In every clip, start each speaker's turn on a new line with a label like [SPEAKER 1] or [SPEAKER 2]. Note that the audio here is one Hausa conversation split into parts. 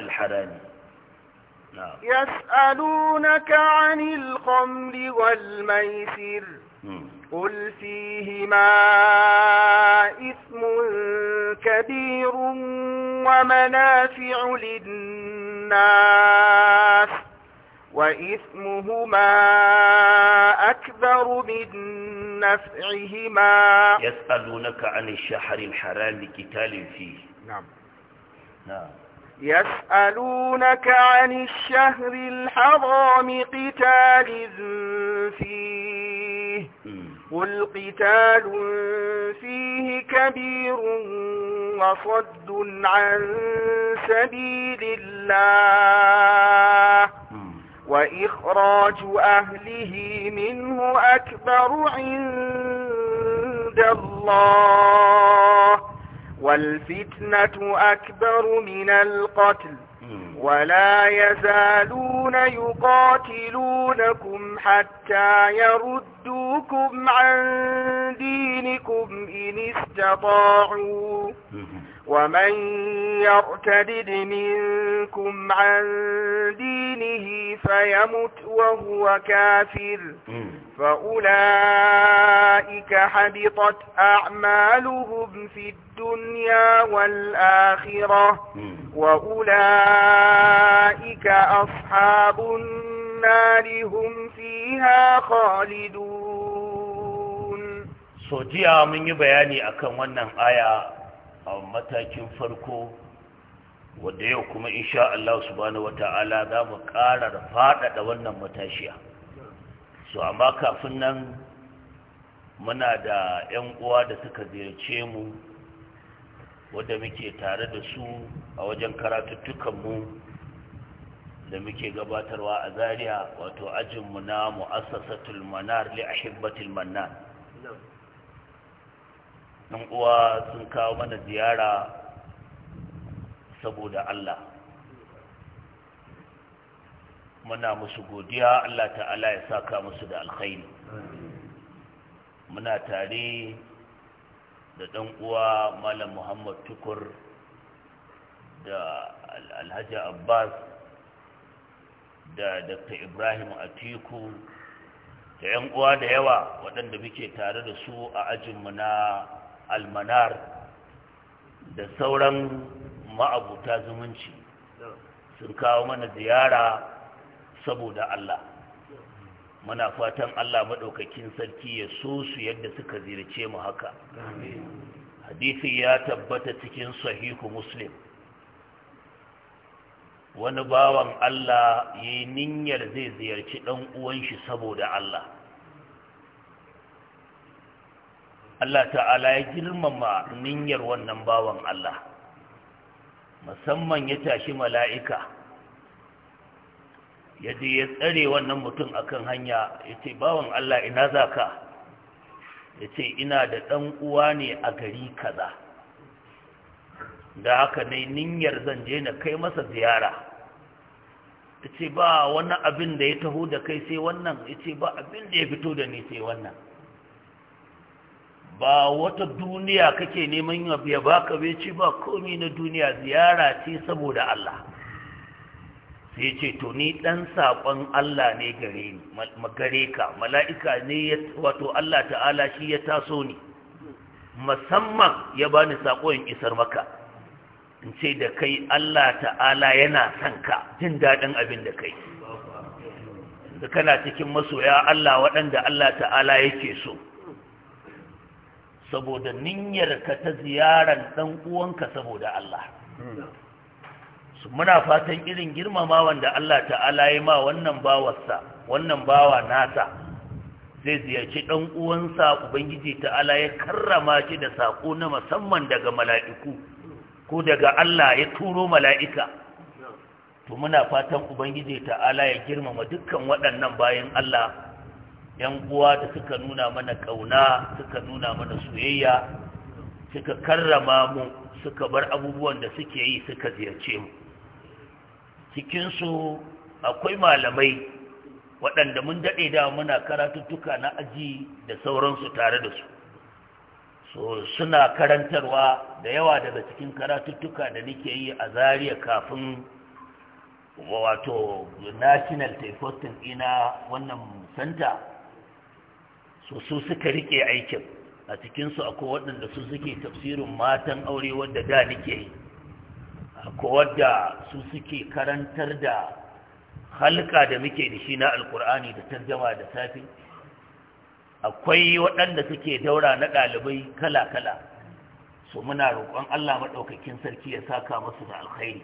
[SPEAKER 1] الحرام نعم
[SPEAKER 2] يسألونك عن الخمر والميسر قل فيهما إثم كبير ومنافع للناس وإثمهما أكبر من نفعهما يسألونك عن الشهر الحرام لقتال فيه نعم نعم يسألونك عن الشهر الحرام قتال فيه قل قتال فيه كبير وصد عن سبيل الله وإخراج أهله منه أكبر عند الله والفتنة أكبر من القتل ولا يزالون يقاتلونكم حتى يردوكم عن دينكم إن استطاعوا ومن يرتدد منكم عن دينه فيمت وهو كافر فأولئك حبطت أعمالهم في الدنيا والآخرة وأولئك أصحاب النار هم فيها خالدون
[SPEAKER 1] سوجيا من يبياني أكن ونن آية a matakin farko wanda yau kuma insha Allah subhanahu wata'ala za mu ƙara faɗaɗa wannan matashiya so amma kafin nan muna da 'yan uwa da suka ziyarce mu wadda muke tare da su a wajen mu da muke gabatarwa a zaria wato ajinmu na mu'assasatul manar li ahibbatil ɗan uwa sun kawo mana ziyara saboda Allah muna musu godiya Allah ta'ala ya saka musu da alkhairi muna tare da ɗan uwa malam muhammad tukur da alhaji abbas da dr ibrahim atiku da 'yan uwa da yawa waɗanda muke tare da su a ajinmu na almanar da sauran ma'abuta zumunci sun kawo mana ziyara saboda Allah muna fatan Allah maɗaukakin sarki ya so su yadda suka ziyarci mu haka hadisi ya tabbata cikin sahihu muslim wani bawan Allah ya yi niyyar zai ziyarci ɗan shi saboda Allah Allah ta'ala ya girmama niyyar wannan bawan Allah musamman ya tashi mala'ika ya je ya tsare wannan mutum akan hanya ya ce bawan Allah ina za ka ya ce ina da ɗan uwa ne a gari kaza da haka ne niyyar zan je na kai masa ziyara ya ce ba wani abin da ya taho da kai sai wannan ya ce ba abin da ya fito da ni sai wannan ba wata duniya kake neman ya baka beci ba komi na duniya ziyara ce saboda Allah sai ce to ni dan sakon Allah ne gare ni magare ka mala'ika ne wato Allah ta'ala shi ya taso ni musamman ya bani sako in isar maka in ce da kai Allah ta'ala yana son ka jin daɗin abin da kai da kana cikin masoya Allah waɗanda Allah ta'ala yake so saboda niyyarka ta ziyarar dan uwanka saboda Allah muna fatan irin girmamawa da Allah ta'ala ya ma wannan bawarsa wannan bawa nasa zai ziyarci dan uwansa ubangiji ta'ala ya karrama shi da sako na musamman daga mala'iku ko daga Allah ya turo mala'ika to muna fatan ubangiji ta'ala ya girmama dukkan waɗannan bayan Allah yan uwa da suka nuna mana ƙauna, suka nuna mana soyayya suka karrama mu suka bar abubuwan da suke yi suka ziyarce mu cikinsu akwai malamai waɗanda mun daɗe da muna karatuttuka na aji da sauransu tare da su so suna karantarwa da yawa daga cikin karatuttuka da nake yi a zariya kafin wato national typhoid ina wannan center so su suka rike aikin a cikinsu akwai waɗanda su suke tafsirin matan aure wadda da nake yi akwai wadda su suke karantar da halka da muke da shi na alkur'ani da tarjama da safi akwai waɗanda suke daura na ɗalibai kala-kala su muna roƙon Allah maɗaukakin sarki ya saka masu da alkhairi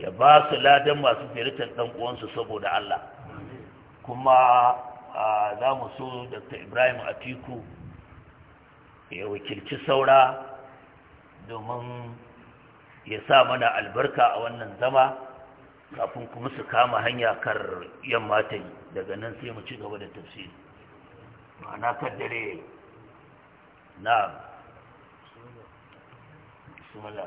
[SPEAKER 1] ya ba su ladan masu ziyartar ɗan uwansu saboda Allah kuma za mu so dr ibrahim atiku ya wakilci saura domin ya sa mana albarka a wannan zama kafin kuma su kama hanya kar yamma ta yi daga nan sai mu ci gaba da tafsiri ma'ana dare na bismillah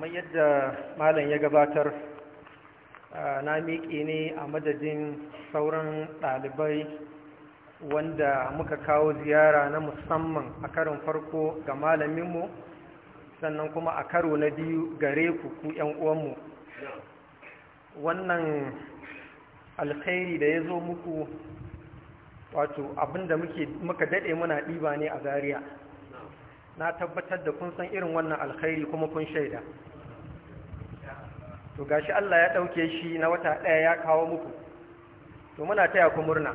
[SPEAKER 3] kamar yadda malam ya gabatar na miƙe ne a madadin sauran ɗalibai wanda muka kawo ziyara na musamman a karin farko ga malaminmu sannan kuma a karo na biyu gare ku ku uwanmu wannan alkhairi da ya zo muku wato abinda muka daɗe muna ɗiba ne a zariya na tabbatar da kun san irin wannan alkhairi kuma kun shaida to gashi Allah ya ɗauke shi na wata ɗaya ya kawo muku to muna taya ku murna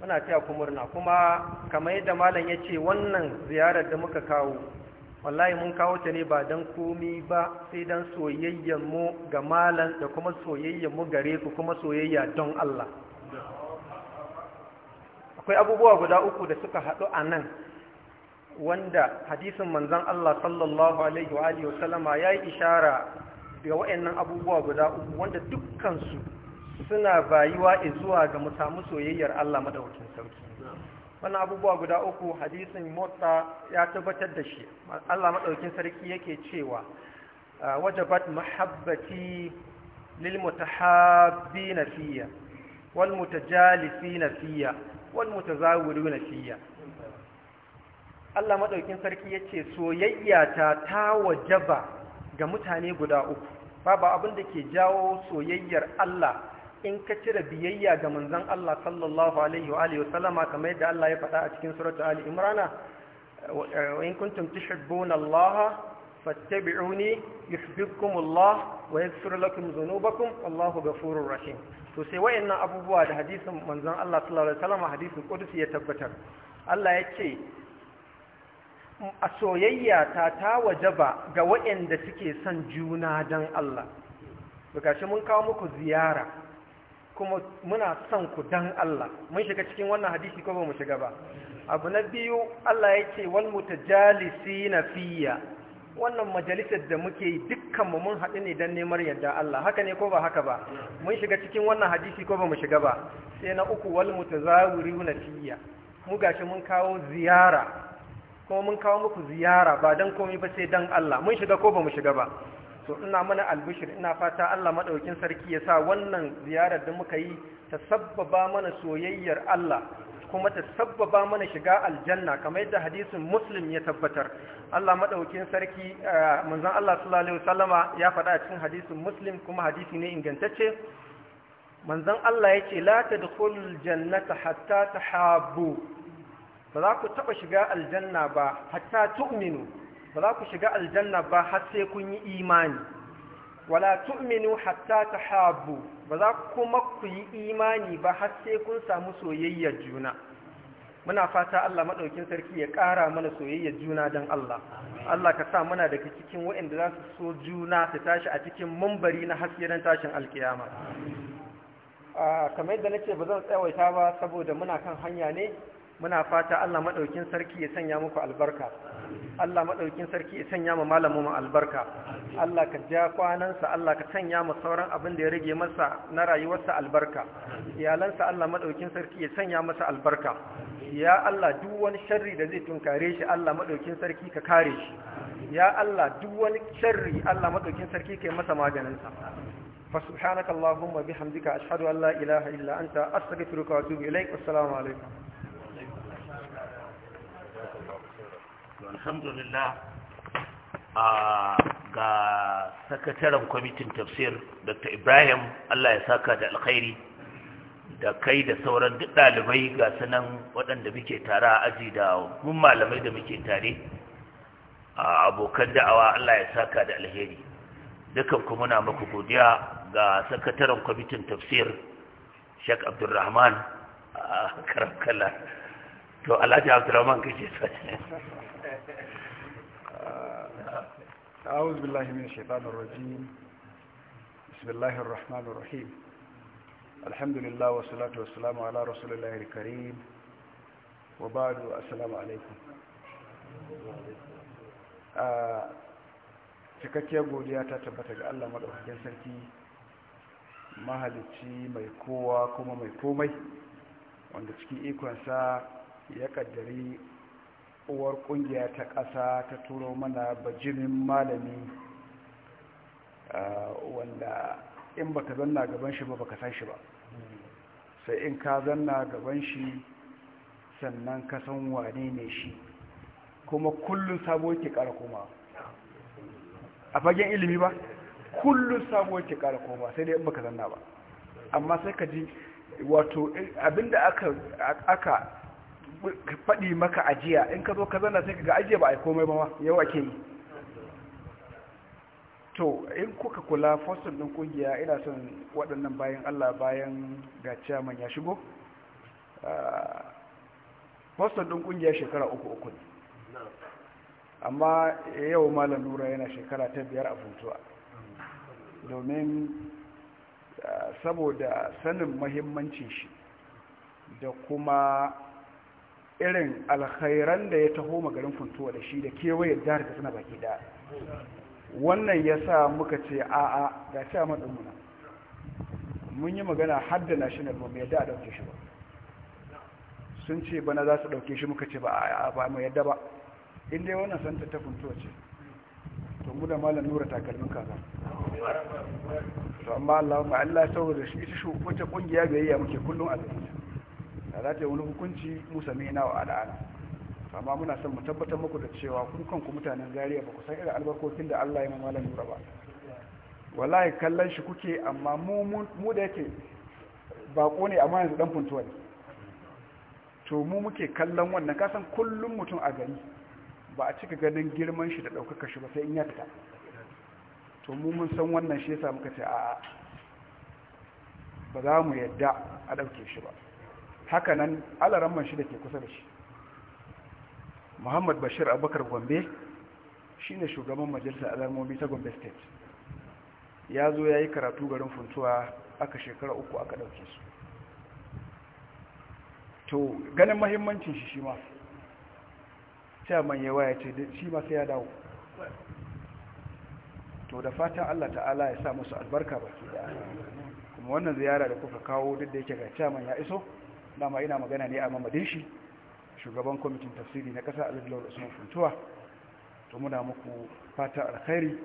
[SPEAKER 3] muna taya ku murna kuma kamar yadda malam ya ce wannan ziyarar da muka kawo wallahi mun kawo ta ne ba don komi ba sai don soyayyen mu ga malam da kuma soyayyen mu gare ku kuma soyayya don Allah akwai abubuwa guda uku da suka haɗu a nan wanda hadisin manzon Allah sallallahu alaihi wa alihi ya yi ishara daga waɗannan abubuwa guda uku wanda dukkansu suna bayuwa zuwa ga mu samu soyayyar Allah madaukakin sarki wannan abubuwa guda uku hadisin motsa ya tabbatar da shi Allah maɗaukin sarki yake cewa ah, wajabat mahabbati lil mutahabbina fiyya wal mutajalisina fiyya wal mutazawiruna fiyya Allah madaukakin sarki yace soyayya ta ta wajaba ga mutane guda uku babu abin da ke jawo soyayyar Allah in ka cire biyayya ga manzon Allah sallallahu alaihi wa alihi wasallama kamar yadda Allah ya faɗa a cikin suratul ali imrana wa in kuntum tuhibbuna Allah fattabi'uni yuhibbukum Allah wa yaghfir lakum dhunubakum Allahu ghafurur rahim to sai wayannan abubuwa da hadisin manzon Allah sallallahu alaihi sallama hadisin qudsi ya tabbatar Allah ya ce a soyayya ta ta ba ga waɗanda suke son juna don Allah bukashi mun kawo muku ziyara kuma muna son ku don Allah mun shiga cikin wannan hadisi ko ba mu shiga ba abu na biyu Allah ya ce wal mutajalisi na fiya wannan majalisar da muke yi mu mun haɗu ne don neman yadda Allah haka ne ko ba haka ba mun shiga cikin wannan hadisi ko ba mu shiga ba sai na uku wal na fiya mu gashi mun kawo ziyara kuma mun kawo muku ziyara ba don komai ba sai don Allah mun shiga ko ba mu shiga ba so ina mana albishir ina fata Allah maɗaukin sarki ya sa wannan ziyarar da muka yi ta sabbaba mana soyayyar Allah kuma ta sabbaba mana shiga aljanna kamar yadda hadisin muslim ya tabbatar Allah madaukin sarki eh, manzon Allah sallallahu alaihi wasallama ya faɗa a cikin hadisin muslim kuma hadisi ne ingantacce manzon Allah yace la tadkhulul jannata hatta tahabu ba za ku taɓa shiga aljanna ba hatta tu'minu ba za ku shiga aljanna ba har sai kun yi imani wala tu'minu hatta tahabu ba za kuma ku yi imani ba har sai kun samu soyayya juna muna fata Allah madaukin sarki ya ƙara mana soyayya juna don Allah Allah ka sa muna daga cikin waɗanda za su so juna su tashi a cikin mambari na hasken tashin alkiyama kamar yadda nace ba zan tsawaita ba saboda muna kan hanya ne muna fata Allah maɗaukin sarki ya sanya muku albarka Allah maɗaukin sarki ya sanya ma malamin albarka Allah ka ja kwanansa Allah ka sanya mu sauran abin da ya rage masa na rayuwarsa albarka iyalansa Allah maɗaukin sarki ya sanya masa albarka ya Allah duk wani sharri da zai tunkare shi Allah maɗaukin sarki ka kare shi ya Allah duk wani sharri Allah maɗaukin sarki ka yi masa maganinsa فسبحانك اللهم وبحمدك أشهد أن لا إله إلا أنت أستغفرك وأتوب إليك والسلام عليكم
[SPEAKER 1] alhamdulillah ga sakataren kwamitin tafsir dr ibrahim allah ya saka da alkhairi da kai da sauran duk ɗalibai ga sanan waɗanda muke tare a aji da mun malamai da muke tare a abokan da'awa allah ya saka da alheri dukan kuma muna muku godiya ga sakataren kwamitin tafsir sheik abdulrahman a karamkala to alhaji abdurrahman kake sai
[SPEAKER 4] أعوذ بالله من الشيطان الرجيم بسم الله الرحمن الرحيم الحمد لله والصلاة godiya ta tabbata ga Allah madaukakin sarki mahalicci mai kowa kuma mai komai wanda cikin ikonsa ya kaddari uwar kungiya ta ƙasa ta turo mana bajirin malami wanda in ba ka zanna gaban shi ba ba ka san shi ba sai in ka zanna gaban shi sannan ka san wane ne shi kuma kullum sabo ke ƙara koma a fagen ilimi ba kullum sabo ke ƙara koma sai dai in ba ka zanna ba amma sai ka ji wato abinda aka faɗi maka ajiya in ka zo ka zana sai ka ga ajiya ba a yi komai ba yau ake yi to in kuka kula fosil ɗin ƙungiya ina son waɗannan bayan allah bayan ga ciyaman ya shigo ah, fosil ɗin ƙungiya shekara uku uku ne amma yau malam nura yana shekara ta biyar a funtuwa domin ah, saboda sanin mahimmancin shi da kuma irin alkhairan da ya taho magarin funtuwa da shi da kewaye jihar katsina baki da wannan ya sa muka ce a'a ga ce a matsamuna mun yi magana har da national ba mai yadda a ɗauke shi ba sun ce bana za su ɗauke shi muka ce ba a ba mai yadda ba inda wannan santa ta funtuwa ce to mu da malam nura takalmin kaza to amma Allah ba Allah saboda shi ita shi wata kungiya biyayya muke kullum a gare da za ta yi wani hukunci musa mai nawa al'ana amma muna son mu tabbatar muku da cewa kun kanku mutanen zariya ba ku san irin albarkokin da allah ya ma malam nura ba wallahi kallon shi kuke amma mu da yake bako ne amma yanzu dan puntuwa ne to mu muke kallon wannan kasan kullum mutum a gari ba a cika ganin girman shi da ɗaukaka shi ba sai in ya fita to mu mun san wannan shi ya muka ce a ba za mu yadda a ɗauke shi ba haka nan alaramman shi da ke kusa da shi muhammad bashir abubakar gombe shi ne shugaban majalisar alamomi ta gombe state ya zo ya yi karatu garin funtuwa aka shekara uku aka ɗauke su to ganin mahimmancin shi shi ma man yawa ya ce shi ma sai ya dawo to da fatan allah ta'ala ya sa musu albarka baki da kuma wannan ziyara da kuka kawo duk da yake ga caman ya iso dama ina magana ne a mamadin shi shugaban kwamitin tafsiri na ƙasa alilawar usman funtuwa to muna muku fata alkhairi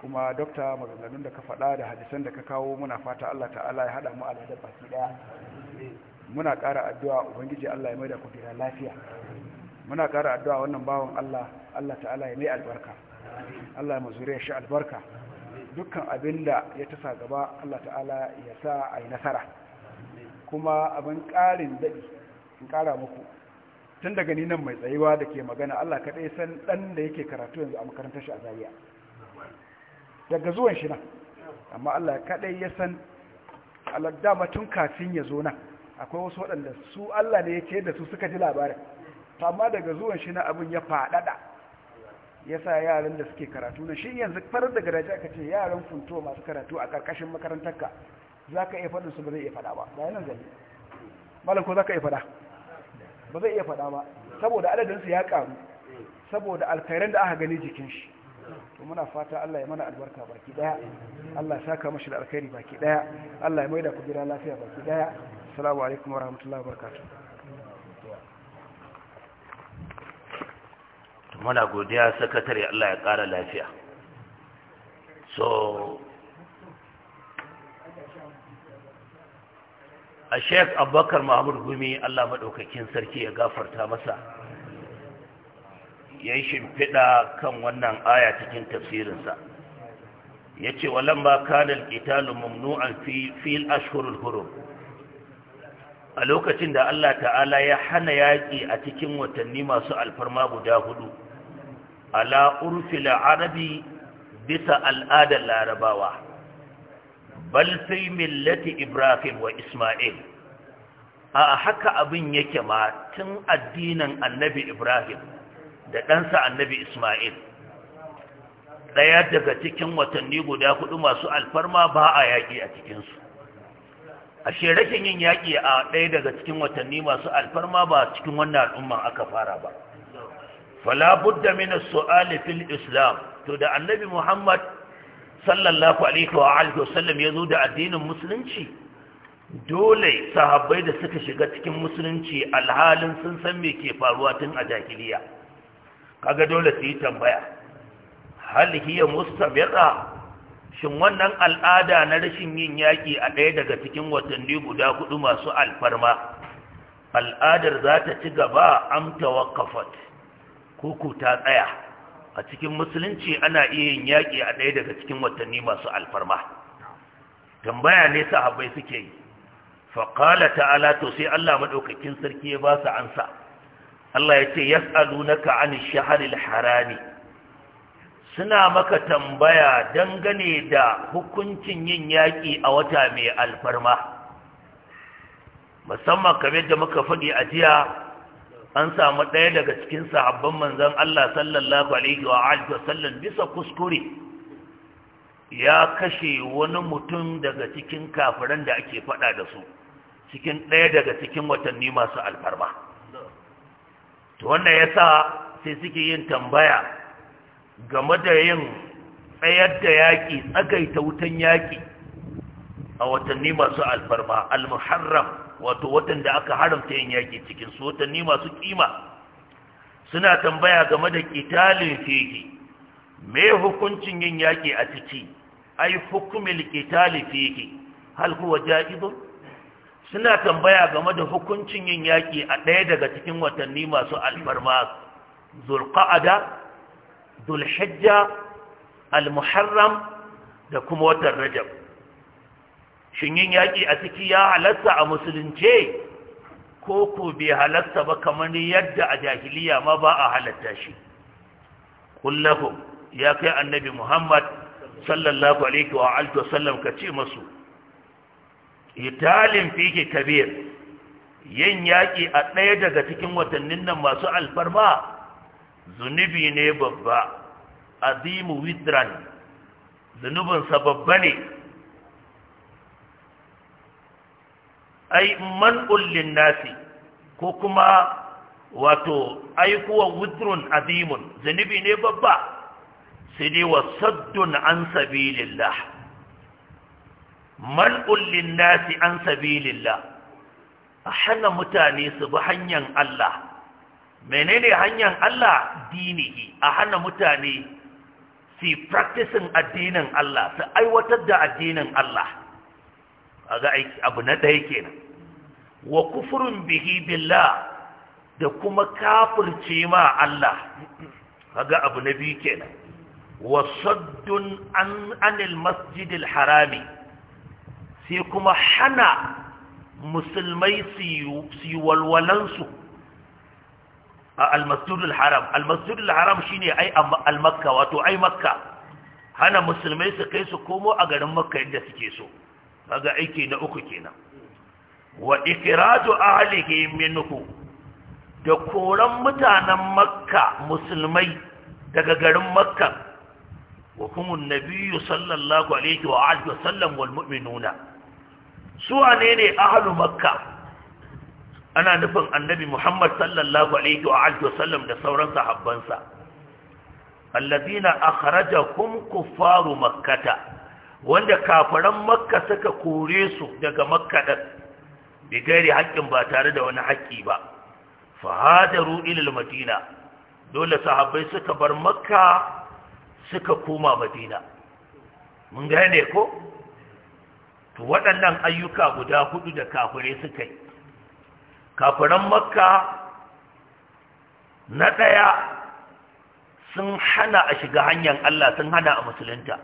[SPEAKER 4] kuma dokta maganganun da ka faɗa da hadisan da ka kawo muna fata allah ta'ala ya haɗa mu a ladar baki ɗaya muna ƙara addu'a ubangiji allah ya mai da ku gida lafiya muna ƙara addu'a wannan bawan allah allah ta'ala ya mai albarka allah ya ya shi albarka dukkan abinda ya tasa gaba allah ta'ala ya sa a yi nasara kuma abin ƙarin daɗi in ƙara muku tun daga ni nan mai tsayuwa da ke magana Allah kaɗai san ɗan da yake karatu yanzu a makarantar shi a zariya daga zuwan shi nan amma Allah kaɗai ya san dama tun kafin ya zo nan akwai wasu waɗanda su Allah ne yake da su suka ji labarin amma daga zuwan shi na abin ya faɗaɗa ya sa yaran da suke karatu na shi yanzu farar da garaje aka ce yaran funto masu karatu a ƙarƙashin makarantarka za ka iya faɗin su ba zai iya faɗa ba ga yanar zabi malam ko za ka iya faɗa ba zai iya faɗa ba saboda adadinsu ya ƙaru saboda alkhairan da aka gani jikin shi to muna fata Allah ya mana albarka baki daya Allah ya saka mashi da alkhairi baki daya Allah ya da ku gida lafiya baki daya assalamu alaikum wa wa wabarakatuh
[SPEAKER 1] muna godiya sakatare Allah ya ƙara lafiya so a sheik abubakar mahamud gumi allah maɗaukakin sarki ya gafarta masa ya yi shimfiɗa kan wannan aya cikin tafsirinsa ya ce wa lamba kanar italin mumnu'an fil ashhurul hurum a lokacin da allah ta'ala ya hana yaƙi a cikin watanni masu alfarma guda hudu ala urfila arabi bisa al'adar larabawa bal fi millati ibrahim wa isma'il a haka abin yake ma tun addinin annabi ibrahim da ɗansa annabi isma'il ɗaya daga cikin watanni guda hudu masu alfarma ba a yaƙi a cikinsu ashe rashin yin yaƙi a ɗaya daga cikin watanni masu alfarma ba cikin wannan al'umman aka fara ba fala budda min as-su'ali fil islam to da annabi muhammad sallallahu alaihi wa alihi wasallam ya zo da addinin musulunci dole sahabbai da suka shiga cikin musulunci alhalin sun san me ke faruwa tun a jahiliya kaga dole su yi tambaya hal hiya mustabira shin wannan al'ada na rashin yin yaki a ɗaya daga cikin watanni guda hudu masu alfarma al'adar za ta ci gaba am tawaqqafat ko ku ta tsaya a cikin musulunci ana iya yin yaƙi a ɗaya daga cikin watanni masu alfarma tambaya ne sahabbai suke yi faƙala ta'ala to sai Allah maɗaukakin sarki ya ba su ansa Allah ya ce yas'alunaka an shahril harami suna maka tambaya dangane da hukuncin yin yaƙi a wata mai alfarma musamman kamar da muka faɗi a jiya an samu ɗaya daga cikin sahabban manzan Allah sallallahu alaihi wa alihi wasallam bisa kuskure ya kashe wani mutum daga cikin kafiran da ake faɗa da su cikin ɗaya daga cikin watanni masu alfarma to wannan yasa sai suke yin tambaya game da yin tsayar da yaƙi tsagaita wutan yaƙi a watanni masu alfarma al-muharram wato waɗanda aka haramta yin yaƙi cikin su watanni masu kima suna tambaya game da ƙitalin fihi me hukuncin yin yaƙi a ciki ai hukumil kitali fihi hal huwa suna tambaya game da hukuncin yin yaƙi a ɗaya daga cikin watanni masu alfarma zulqa'ada zulhijja almuharram, da kuma watan rajab shin yin yaƙi a ciki ya halatta a musulunce ko ko bai halatta ba kamar yadda a jahiliya ma ba a halatta shi kullahu ya kai annabi muhammad sallallahu alaihi wa alihi wa sallam ka ce masu italin fiki kabir yin yaƙi a ɗaya daga cikin watannin nan masu alfarma zunubi ne babba azimu widran zunubinsa babba ne ai man ullin nasi, ko kuma wato aikuwa wudrun azimun Zanibi ne babba sai dai wa saddun an sabilillah ullin nasi an sabilillah a hana mutane su bi hanyar Allah menene hanyar Allah dinihi a hana mutane su practicing addinin Allah su aiwatar da addinin Allah a ga abu na ɗaya kenan wa kufurin bihi billah da kuma kafirce ma Allah kaga abu na biyu kenan wa saddun an anil masjidil harami sai kuma hana musulmai su yi walwalansu a almasjidul haram almasjidul haram shine ai almakka wato ai makka hana musulmai su kai su komo a garin makka yadda suke so kaga aiki na uku kenan wa Ikiratu ahlihi minhu da koran mutanen makka musulmai daga garin makka wa kuma nabiyyu sallallahu alaihi wa alihi wa sallam wal mu'minuna su wane ne ahlu makka ana nufin annabi muhammad sallallahu alaihi wa alihi wa sallam da sauran sahabbansa alladhina akhrajakum kuffaru makkata wanda kafaran makka suka kore su daga makka ɗin bigari haƙƙin ba tare da wani haƙƙi ba fahadaru ilil madina dole sahabbai suka bar makka suka koma madina mun gane ko to waɗannan ayyuka guda hudu da kafure suka yi kafaran makka na ɗaya sun hana a shiga hanyar allah sun hana a musulunta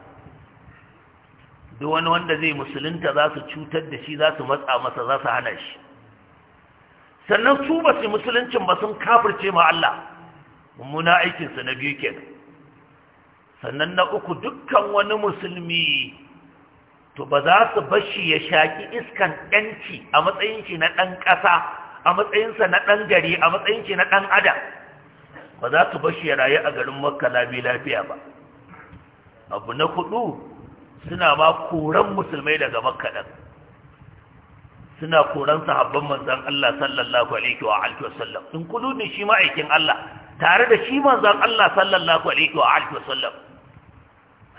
[SPEAKER 1] duk wani wanda zai musulunta za su cutar da shi za su matsa masa za su hana shi sannan su ba su musuluncin ba sun kafirce ma Allah mummuna aikinsa na biyu kenan sannan na uku dukkan wani musulmi to ba za su bashi ya shaƙi iskan ɗanci a matsayin shi na ɗan ƙasa a matsayinsa na ɗan gari a matsayin shi na ɗan adam ba za su bashi ya rayu a garin makka labi lafiya ba abu na hudu suna ma koran musulmai daga makka ɗan suna koran sahabban manzan Allah sallallahu alaihi wa alihi wa sallam in kudu ne shi ma'aikin Allah tare da shi manzan Allah sallallahu alaihi wa alihi wa sallam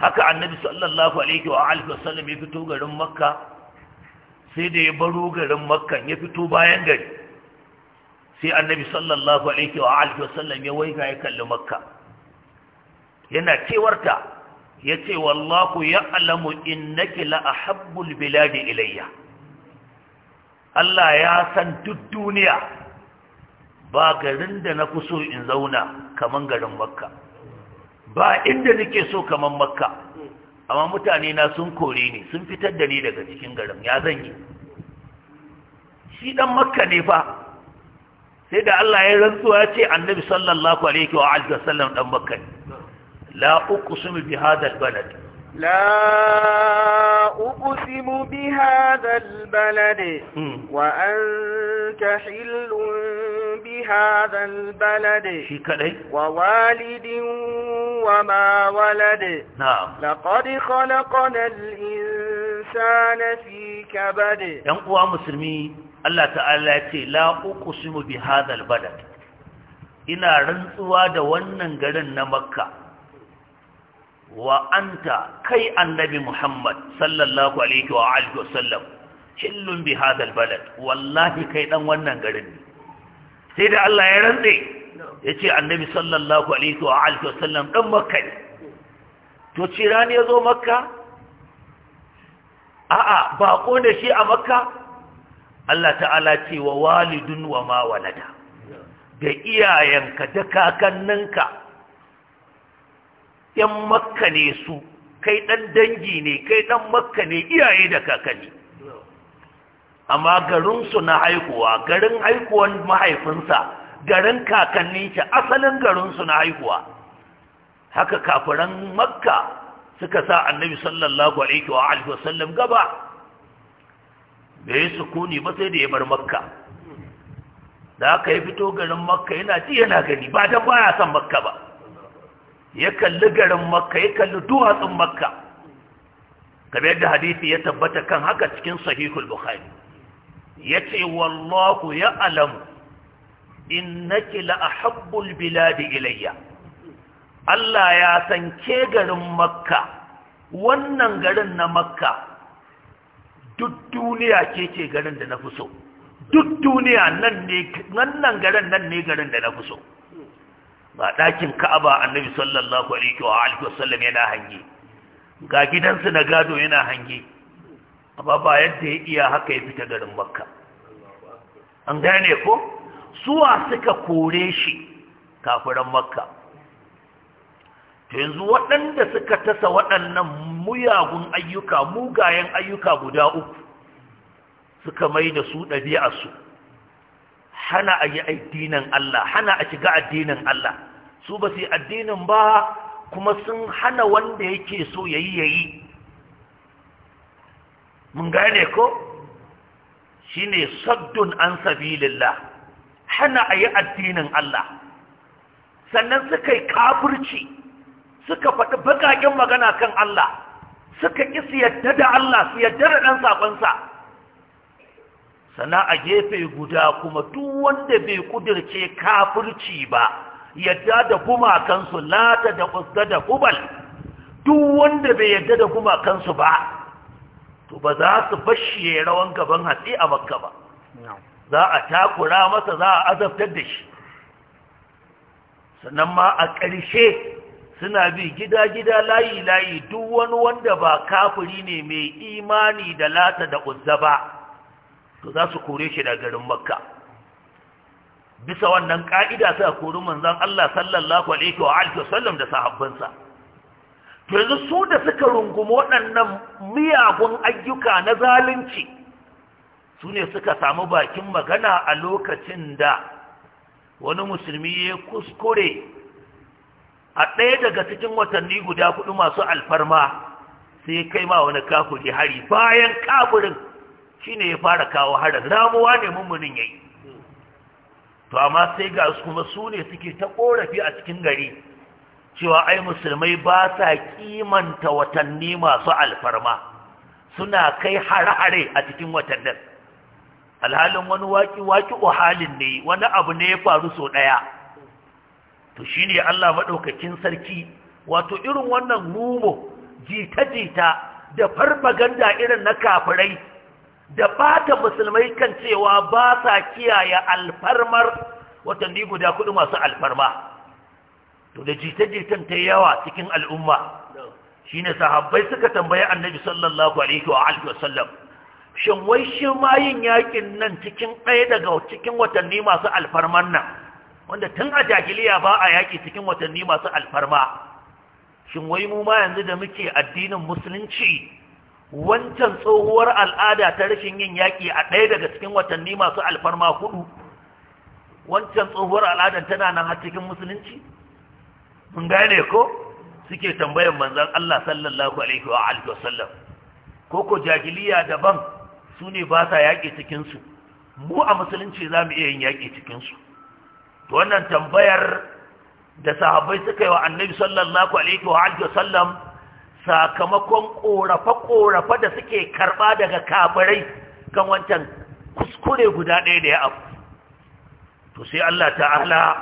[SPEAKER 1] haka annabi sallallahu alaihi wa alihi wa sallam ya fito garin makka sai da ya baro garin Makka ya fito bayan gari sai annabi sallallahu alaihi wa alihi wa sallam ya waiga ya kalli makka yana cewarta ya ce wallahu ya alamu innaki la'ahabbul biladi ilayya Allah ya san duk duniya ba garin da na fi so in zauna kaman garin makka ba inda nake so kaman makka amma mutane na sun kore ni sun fitar da ni daga cikin garin ya zan yi shi dan makka ne fa sai da Allah ya rantsuwa ya ce annabi sallallahu alaihi wa alihi dan makka ne la uqsimu bi hadha albalad
[SPEAKER 2] la uqsimu bi hadha albalad wa anta hillun bi hadha albalad shi kadai wa walidin wa ma walad
[SPEAKER 1] na'am laqad
[SPEAKER 2] khalaqna al-insana fi kabad yan
[SPEAKER 1] uwa musulmi Allah ta'ala ya ce la bi ina rantsuwa da wannan garin na makka wa anta kai annabi Muhammad sallallahu alaihi wa alihi wasallam hillun bi hadal balad wallahi kai dan wannan garin ne sai da Allah ya rantse yace annabi sallallahu alaihi wa alihi wasallam dan makka ne to ya yazo makka a'a Baƙo ne shi a makka Allah ta'ala ce wa walidun wa ma walada ga iyayenka da kakanninka ‘yan makka ne su kai ɗan dangi ne kai ɗan makka ne iyaye da kakanni amma garinsu na haikuwa garin haikuwan mahaifinsa garin kakanni asalin garinsu na haikuwa haka kafiran makka suka sa annabi sallallahu alaihi wa alihi wasallam gaba bai sukuni ba sai da ya bar makka da aka yi fito garin makka yana ji yana gani ba dan baya son makka ba ya kalli garin makka ya kalli duwatsun makka kamar da hadisi ya tabbata kan haka cikin sahihul bukhari ya ce wallahu ya alamu innaki la ahabbul biladi ilayya Allah ya san ke garin makka wannan garin na makka duk duniya ke ce garin da na fi so duk duniya nan ne nan garin nan ne garin da na fi so ba ɗakin ka'aba annabi sallallahu alaihi wa alihi wasallam yana hange ga gidansu na gado yana hange amma ba yadda ya iya haka ya fita garin makka an gane ko suwa suka kore shi kafiran makka to yanzu waɗanda suka tasa waɗannan muyagun ayyuka mugayen ayyuka guda uku suka mai da su ɗabi'a su hana a yi addinin Allah hana a shiga addinin Allah su ba su yi addinin ba kuma sun hana wanda yake so ya yi ya yi mun gane ko shi ne saddun an sabilillah hana a yi addinin Allah sannan suka yi kafirci suka faɗi bakaƙen magana kan Allah suka ƙi su yadda da Allah su yadda da ɗan saƙonsa Sana'a a gefe guda kuma duk wanda bai kudirce kafirci ba yadda da gumakansu lata da uzza da hubal duk wanda bai yadda da gumakansu ba to ba za su bashiye rawan gaban hatsi a makka ba za a takura masa za a azabtar da shi sannan ma a ƙarshe suna bi gida-gida layi-layi duk wani wanda ba kafiri ne mai imani da lata da uzza ba to za su kore shi da garin makka bisa wannan ka'ida suka kori manzon Allah sallallahu alaihi wa alihi wasallam da sahabbansa to yanzu su da suka rungumi waɗannan miyagun ayyuka na zalunci su ne suka samu bakin magana a lokacin da wani musulmi ya kuskure a ɗaya daga cikin watanni guda kuɗi masu alfarma sai kai ma wani kafuri hari bayan kafurin ne ya fara kawo harin ramuwa ne mummunin yayi to amma sai ga su kuma su ne suke ta korafi a cikin gari cewa ai musulmai ba sa kimanta watanni masu alfarma suna kai hare-hare a cikin watannin alhalin wani waki-waki halin ne wani abu ne ya faru so ɗaya to shi ne Allah maɗaukakin sarki wato irin wannan rumo jita-jita da farfaganda irin na kafirai da bata musulmai kan cewa ba sa kiyaye alfarmar watanni guda kudu masu alfarma to da jita-jitan ta yawa cikin al'umma Shi ne sahabbai suka tambaye annabi sallallahu alaihi wa alihi wasallam shin wai shi ma yin yakin nan cikin ɗaya daga cikin watanni masu alfarman nan wanda tun a jahiliya ba a yaki cikin watanni masu alfarma shin wai mu ma yanzu da muke addinin musulunci wancan tsohuwar al'ada ta rashin yin yaƙi a ɗaya daga cikin watanni masu alfarma hudu wancan tsohuwar al'adar tana nan har cikin musulunci mun gane ko suke tambayar manzan Allah sallallahu alaihi wa alihi wasallam ko ko jahiliya daban su ne ba sa yaƙi cikin su mu a musulunci za mu iya yin yaƙi cikin su to wannan tambayar da sahabbai suka yi wa annabi sallallahu alaihi wa alihi wasallam sakamakon ƙorafe-ƙorafe da suke karɓa daga kabarai kan wancan kuskure guda ɗaya da ya abu to sai Allah ta'ala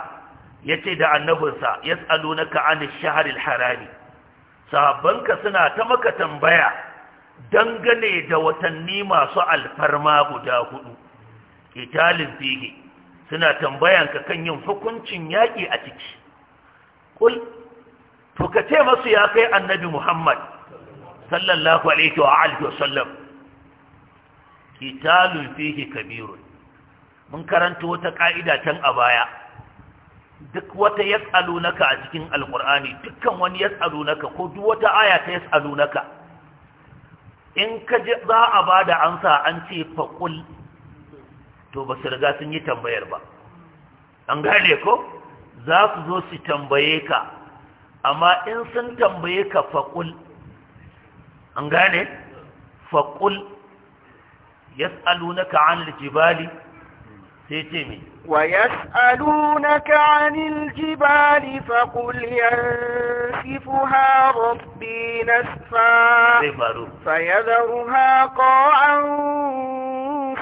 [SPEAKER 1] ya ce da annabinsa ya tsalo na ka'anin shaharil harari suna ta maka tambaya dangane da watanni masu alfarma guda hudu italin fiye suna tambayanka kan yin hukuncin yaƙi a ciki to ka ce masu ya kai annabi muhammad sallallahu alaihi wa alihi wa sallam qitalun fihi kabirun mun karanto wata ka'ida can a baya duk wata yas'alunaka a cikin alqur'ani dukkan wani yas'alunaka ko duk wata aya ta yas'alunaka in ka ji za a bada ansa an ce faqul to ba su riga sun yi tambayar ba an gane ko za su zo su tambaye ka amma in sun tambaye ka faƙul an gane faƙul yas'alunaka 'anil jibali sai ce
[SPEAKER 2] ويسألونك عن الجبال فقل ينسفها ربي نسفا فيذرها قاعا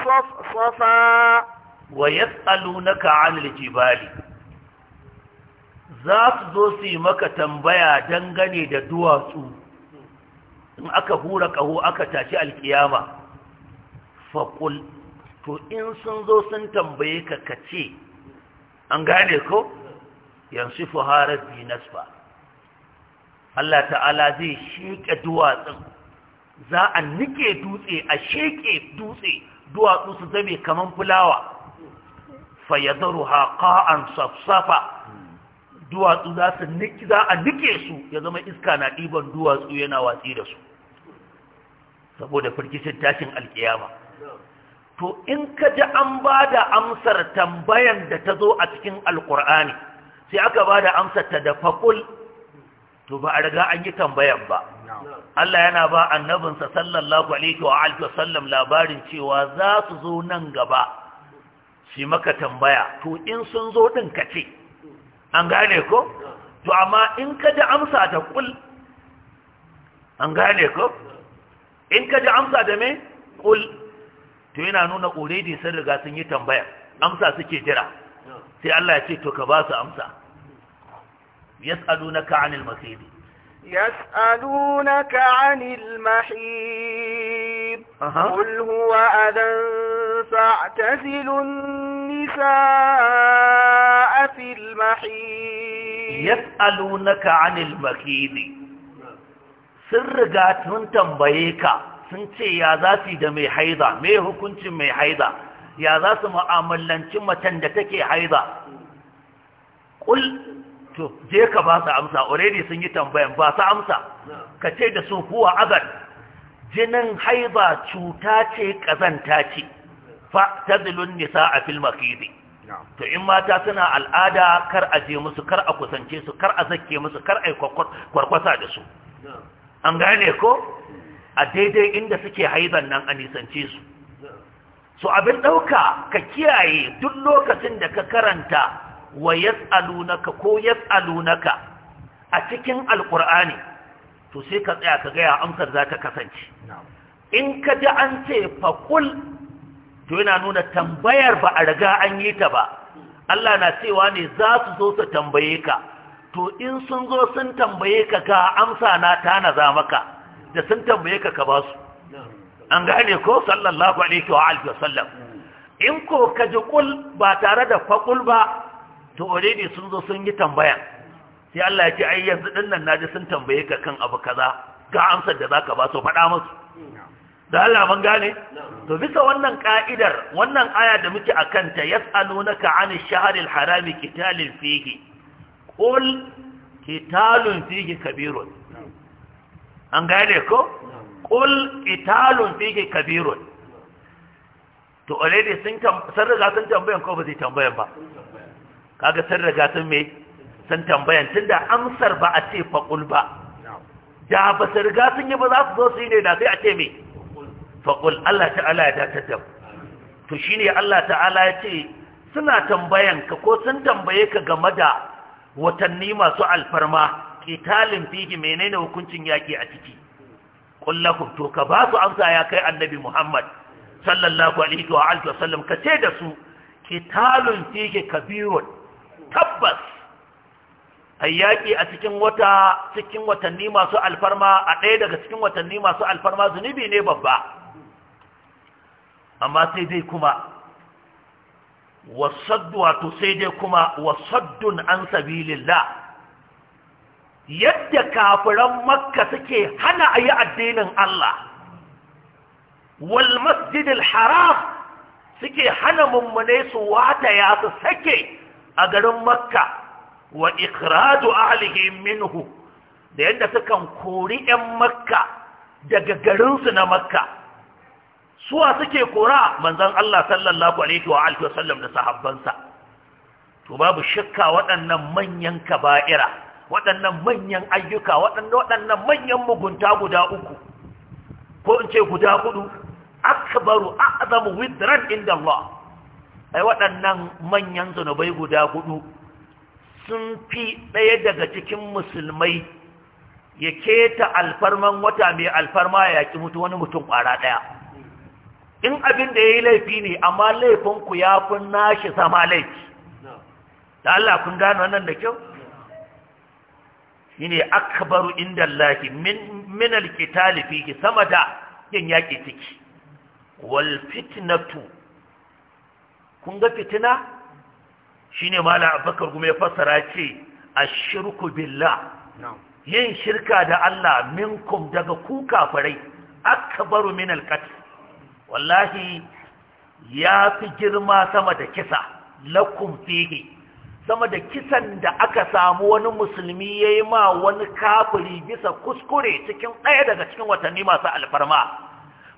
[SPEAKER 2] صفصفا
[SPEAKER 1] ويسألونك عن الجبال za su zo su yi maka tambaya dangane da duwatsu in aka hura ƙaho aka tashi alƙiyama faƙul to in sun zo sun tambaye ka kace. an gane ko harar fuharar ba. Allah ta'ala zai sheƙe duwatsun za a nike dutse a sheƙe dutse duwatsu su zame kaman fulawa fa ya haƙa'an safsafa duwatsu za su niki za a nike su ya zama iska na ɗiban duwatsu yana watsi da su saboda firgishin tashin alkiyama to in ka ji an ba da amsar tambayan da ta zo a cikin alkur'ani sai aka ba da amsar ta da fakul to ba a riga an yi tambayan ba Allah yana ba annabinsa sallallahu alaihi wa alihi wasallam labarin cewa za su zo nan gaba shi maka tambaya to in sun zo din ka ce an gane ko to amma in ka ji amsa da kul an gane ko in ka ji amsa da me kul to yana nuna already sun riga sun yi tambaya amsa suke jira sai Allah ya ce to ka ba su amsa yas'alunaka 'anil masir
[SPEAKER 2] يسألونك عن المحيط قل هو أذى فاعتزلوا النساء
[SPEAKER 1] yas'alunaka 'anil mahidi sun riga tun tambaye ka sun ce ya za su da mai haiza mai hukuncin mai haiza ya za su mu'amalanci macen da take haiza kul to je ka ba su amsa already sun yi tambayan ba su amsa ka ce da su huwa azan jinin haiza cuta ce kazanta ce fa tazilun nisa a fil mahidi to in mata suna al'ada kar a je musu kar a kusance su kar a zakke musu kar a yi kwarkwasa da su an gane ko a daidai inda suke haizan nan a nisance su so abin ɗauka ka kiyaye duk lokacin da ka karanta wa yas'alunaka ko yas'alunaka a cikin alkur'ani to sai ka tsaya ka gaya amsar za ta kasance in ka ji an ce faƙul to yana nuna tambayar ba a riga an yi ta ba Allah na cewa ne za su zo su tambaye ka to in sun zo sun tambaye ka ga amsa na ta na za maka da sun tambaye ka ka ba su an gane ko sallallahu alaihi wa alihi wasallam in ko ka ji kul ba tare da faƙul ba to already sun zo sun yi tambaya sai Allah ya ce ai yanzu dinnan naji sun tambaye ka kan abu kaza ga amsar da zaka ba su faɗa musu da Allah mun gane to bisa wannan ka'idar wannan aya da muke akan ta yas'alunaka 'anil shahril harami qitalin fihi qul qitalun fihi kabirun an gane ko qul qitalun fihi kabirun to already sun san riga sun tambayan ko ba su tambayan ba kaga san riga sun me sun tambayan tunda amsar ba a ce qul ba da ba su riga sun yi ba za su zo su yi ne da sai a ce me faƙul Allah ta'ala ya dakatar da to ne Allah ta'ala ya ce suna tambayan ka ko sun tambaye ka game da watanni masu alfarma qitalin fihi menene hukuncin yaki a ciki qul lahum to ka ba su amsa ya kai annabi Muhammad sallallahu alaihi wa alihi ka ce da su qitalun fihi kabirun tabbas ayyaki a cikin wata cikin watanni masu alfarma a ɗaya daga cikin watanni masu alfarma zunubi ne babba amma sai dai kuma wasaddu wato sai dai kuma wasaddun an sabilillah yadda kafiran makka suke hana a yi addinin Allah wal masjidil haram suke hana mummune su wata ya su sake a garin makka wa ikiradu ahlihi minhu da yadda sukan kori 'yan makka daga garinsu na makka suwa suke kora manzan Allah sallallahu alaihi wa alihi wasallam da sahabbansa to babu shakka waɗannan manyan kaba'ira waɗannan manyan ayyuka waɗannan manyan mugunta guda uku ko in ce guda hudu akbaru a'zamu widran inda Allah ai waɗannan manyan zunubai guda hudu sun fi ɗaya daga cikin musulmai ya keta alfarman wata mai alfarma ya yaƙi mutu wani mutum ƙwara ɗaya in abin da ya yi laifi ne amma laifinku ya fi nashi sama laifi da Allah kun gano nan da kyau shi ne akabaru inda lahi min alkitali ki sama da yin yaƙi ciki wal fitnatu kun ga fitina shi ne mala abakar kuma ya fassara ce a shirku billah yin shirka da Allah minkum daga kuka farai akabaru min alkatali wallahi ya fi girma sama da kisa lakum fihi sama da kisan da aka samu wani musulmi ya yi ma wani kafiri bisa kuskure cikin ɗaya daga cikin watanni masu alfarma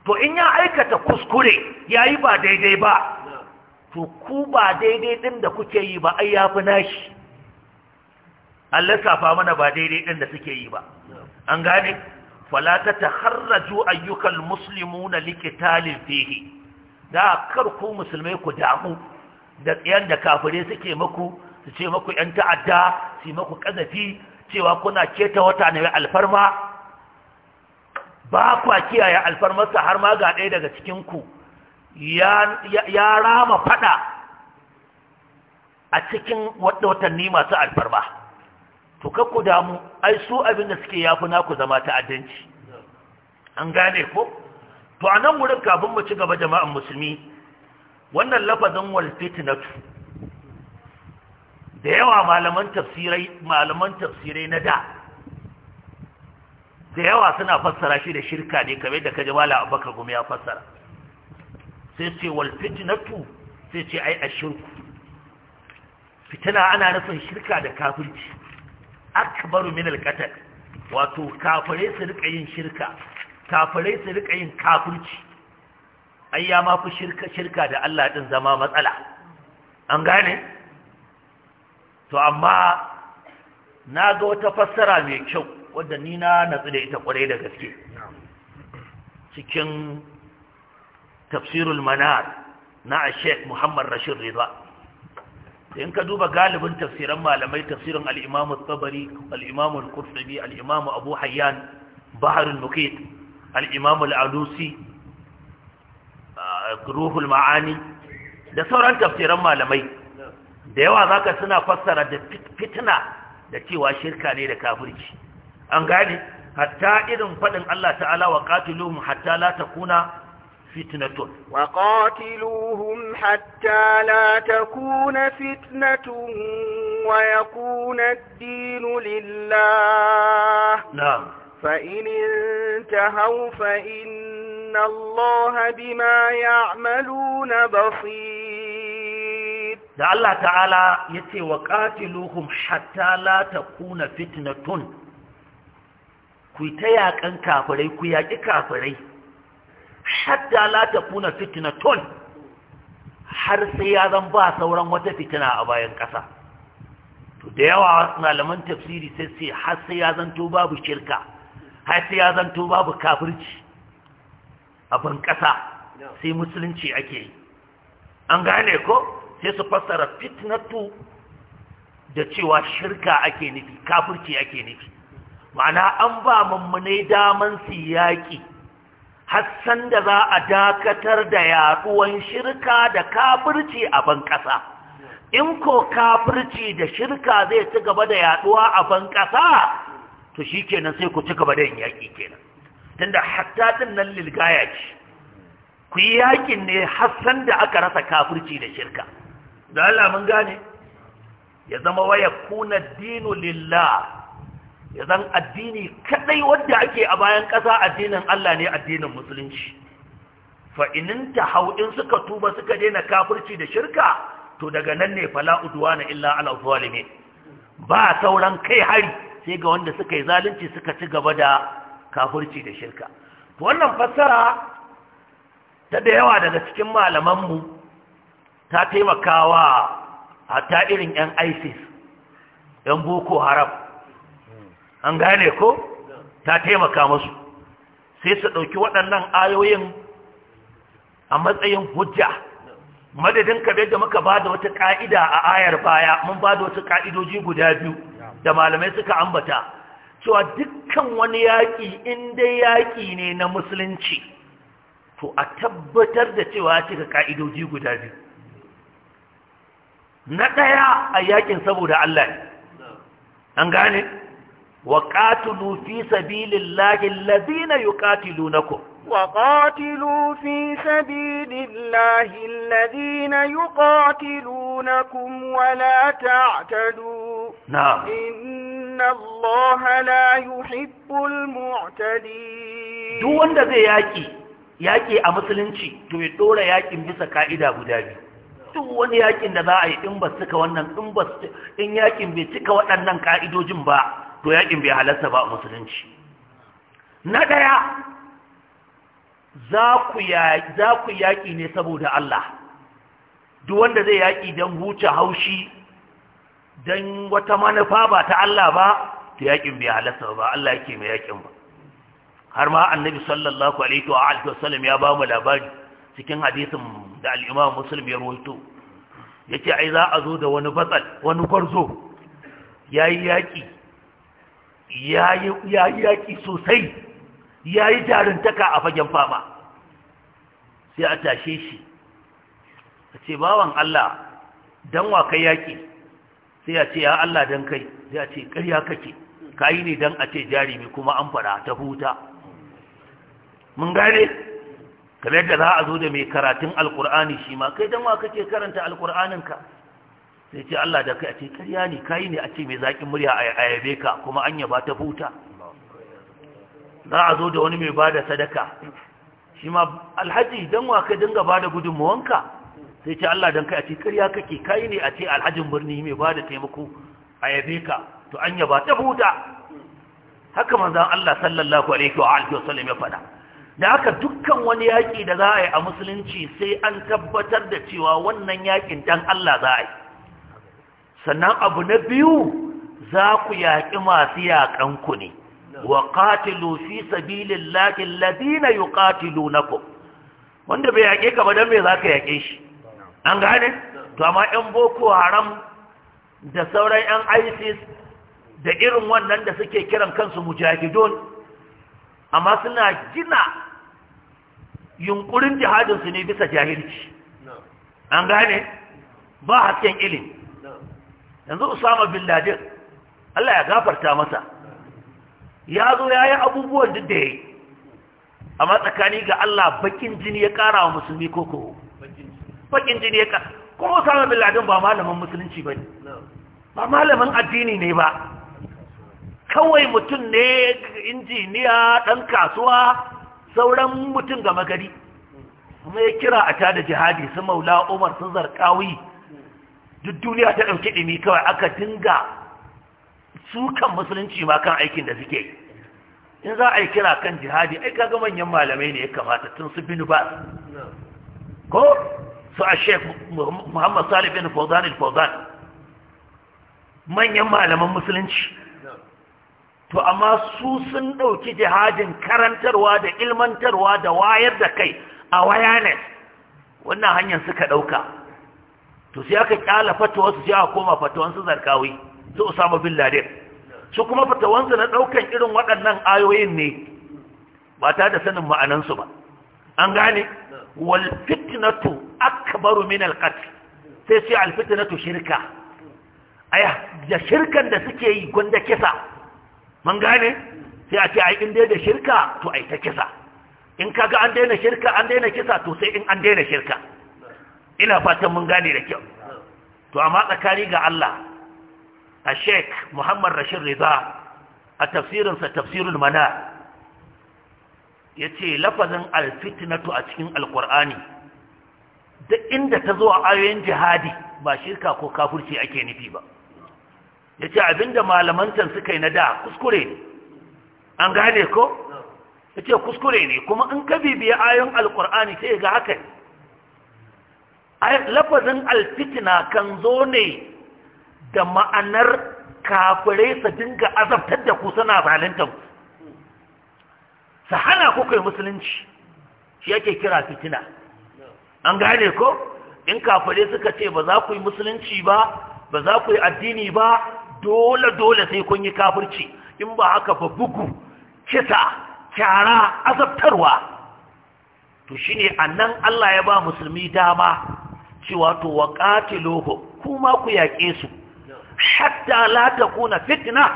[SPEAKER 1] to in ya aikata kuskure ya yi ba daidai ba to ku ba daidai ɗin da kuke yi ba ai ya fi nashi Allah safa mana ba daidai ɗin da suke yi ba an gane fala ta taharraju ayyukan muslimuna likitalin fihi da kar ku musulmai ku damu da yan da kafuri suke maku su ce maku yan ta'adda su maku kazafi cewa kuna keta wata ne alfarma ba kwa kiyaye alfarmarsa har ma ga ɗaya daga cikin ku ya rama fada a cikin watanni masu alfarma to kakku damu ai su abin da suke yafi naku zama ta'addanci an gane ko to a nan wurin kafin mu ci gaba jama'an musulmi wannan lafazin wal fitnatu da yawa malaman tafsirai malaman tafsirai na da da yawa suna fassara shi da shirka ne kamar da kaji mala abubakar gumi ya fassara sai ce wal fitnatu sai ce ai ashirku fitna ana nufin shirka da kafirci akbaru min alqatl wato kafare su rika yin shirka kafare su rika yin kafirci ayya ma fi shirka shirka da Allah din zama matsala an gane to amma na ga wata fassara mai kyau wadda ni na natsu da ita kwarai da gaske cikin tafsirul manar na Sheikh Muhammad Rashid Ridwan in ka duba galibin tafsiran malamai tafsirin al-Imam al-Tabari al-Imam al-Qurtubi al Abu Hayyan Bahr al-Muqit al-Imam al ah, Ruhul Ma'ani da sauran tafsiran malamai da yawa zaka suna fassara da fitina da cewa shirka ne da kafirci an gane hatta irin faɗin Allah ta'ala wa qatiluhum hatta la takuna فتنة
[SPEAKER 2] وقاتلوهم حتى لا تكون فتنة ويكون الدين لله نعم فإن انتهوا فإن الله بما يعملون بصير
[SPEAKER 1] ده الله تعالى يتي وقاتلوهم حتى لا تكون فتنة كي تياك أن كافري كي يجي hatta la fitna ton har sai ya zan ba sauran wata fitina a bayan ƙasa to da yawa malaman tafsiri sai sai har sai ya zanto babu shirka har sai ya zanto babu kafirci a ban ƙasa sai musulunci ake yi an gane ko sai su fassara fitnatu da cewa shirka ake nufi kafirci ake nufi ma'ana an ba mummunai daman su yaƙi hassan da za a dakatar da yaduwan shirka da kafirci a ban ƙasa in ko kafirci da shirka zai ci gaba da yaɗuwa a ban ƙasa to shi kenan sai ku ci gaba da yin yaƙi kenan tunda hatta ɗin nan lilgaya ce ku yi yaƙin ne hassan da aka rasa kafirci da shirka da Allah mun gane ya zama waya kuna dinu lillah ya zan addini kadai wanda ake a bayan ƙasa addinin Allah ne addinin musulunci fa inin in suka tuba suka daina kafirci da shirka to daga nan ne Fala'uduwa na illa ala ne.
[SPEAKER 3] ba sauran
[SPEAKER 1] kai hari sai ga wanda suka yi zalunci suka ci gaba da kafirci da shirka wannan fassara ta da yawa daga cikin malamanmu ta taimaka taimakawa hata irin 'yan isis 'yan boko haram an gane ko ta taimaka musu sai su ɗauki waɗannan ayoyin a matsayin hujja madadin kabe da muka ba da wata ƙa'ida a ayar baya mun ba da wata ƙa'idoji guda biyu da malamai suka ambata cewa dukkan wani yaƙi in inda yaƙi ne na musulunci to a tabbatar da cewa ya cika ƙa'idoji guda biyu na ɗaya a yaƙin saboda Allah an gane وقاتلوا في سبيل الله الذين يقاتلونكم
[SPEAKER 2] وقاتلوا في سبيل الله الذين يقاتلونكم ولا تعتدوا نعم إن الله لا يحب المعتدين دو wanda zai yaki
[SPEAKER 1] yaki a musulunci to ya dora yakin bisa ka'ida guda biyu duk wani yakin da za a yi in ba suka wannan in ba in yakin bai cika waɗannan ka'idojin ba to yakin bai halarta ba a musulunci na ɗaya za ku yaƙi ne saboda Allah duk wanda zai yaƙi don huce haushi don wata manufa ba ta Allah ba to yaƙin bai halarta ba Allah yake mai yaƙin ba har ma annabi sallallahu alaihi wa alihi wasallam ya ba mu labari cikin hadisin da al'imam musulmi Muslim ya rawaito yace ai za a zo da wani batsal wani gwarzo yayi yaƙi ya yi yaƙi sosai ya yi taka a fagen fama sai a tashe shi a ce bawan Allah don wa kai yaƙi sai a ce ya Allah don kai sai a ce ƙarya kake ka yi ne dan a ce jarumi kuma an fara ta huta mun gane kamar da za a zo da mai karatun alkur'ani shi ma kai don wa kake karanta alkur'aninka sai ce Allah da kai a ce ƙarya ne kai ne a ce mai zaƙin murya a yabe ka kuma an yaba ta huta za a zo da wani mai bada sadaka shi ma alhaji dan wa ka dinga bada gudunmuwanka sai ce Allah don kai a ce ƙarya kake kai ne a ce alhajin birni mai bada taimako a yabe ka to an yaba ta huta haka manzon Allah sallallahu alaihi wa alihi wasallam ya faɗa da haka dukkan wani yaƙi da za a yi a musulunci sai an tabbatar da cewa wannan yaƙin dan Allah za a yi sannan abu na biyu za ku yaƙi masu yaƙanku ne wa qatilu fi sabilillahi alladhina yuqatilunakum wanda bai yaƙe ka ba dan me ka yaƙe shi an gane to amma ɗan boko haram da sauran ɗan ISIS da irin wannan da suke kiran kansu mujahidun amma suna gina yunkurin jihadinsu ne bisa jahilci an gane ba hasken ilimi yanzu usama bin ladin Allah ya gafarta masa ya zo ya yi abubuwan duk da ya yi amma tsakani ga Allah bakin jini ya kara wa musulmi koko bakin jini ya kara kuma usama bin ladin ba malamin musulunci ba ne ba malamin addini ne ba kawai mutum ne injiniya ɗan kasuwa sauran mutum ga magari. kuma ya kira a tada jihadi su maula umar sun zarkawi duk duniya ta ɗauki ɗimi kawai aka dinga sukan musulunci ma kan aikin da suke yi in za a yi kira kan jihadi ai kaga manyan malamai ne ya kamata tun su binu ba ko su a shek muhammad salif bin fauzan il fauzan manyan malaman musulunci to amma su sun ɗauki jihadin karantarwa da ilmantarwa da wayar da kai a wayanet wannan hanyar suka ɗauka to sai aka kyala su sai aka koma su zarkawi su usama bin laden su kuma fatawansu na daukan irin waɗannan ayoyin ne ba ta da sanin ma'anansu ba an gane wal fitnatu akbaru min al qatl sai sai al fitnatu shirka aya da shirkan da suke yi gunda kisa mun gane sai a ce ai in dai da shirka to ai ta kisa in kaga an daina shirka an daina kisa to sai in an daina shirka ina fatan mun gane da kyau to amma tsakani ga Allah a sheik muhammad rashid Riba, a tafsirinsa tafsirul mana ya ce lafazin alfitinatu a cikin alkur'ani duk inda ta zo a ayoyin jihadi ba shirka ko kafurci ake nufi ba ya ce abinda malamantan suka yi na da kuskure ne an gane ko ya ce kuskure ne kuma in ka bibiya ayoyin alkur'ani sai ga haka ne lafazin alfitina kan zo ne da ma'anar kafirai su dinga azabtar da ku suna zalintar ku su hana ku kai musulunci shi yake kira fitina an gane ko in kafirai suka ce ba za ku yi musulunci ba ba za ku yi addini ba dole dole sai kun yi kafirci in ba haka ba bugu kisa kyara azabtarwa to shi a annan Allah ya ba musulmi dama cewa to wa qatiluhu kuma ku yake su hatta la takuna fitna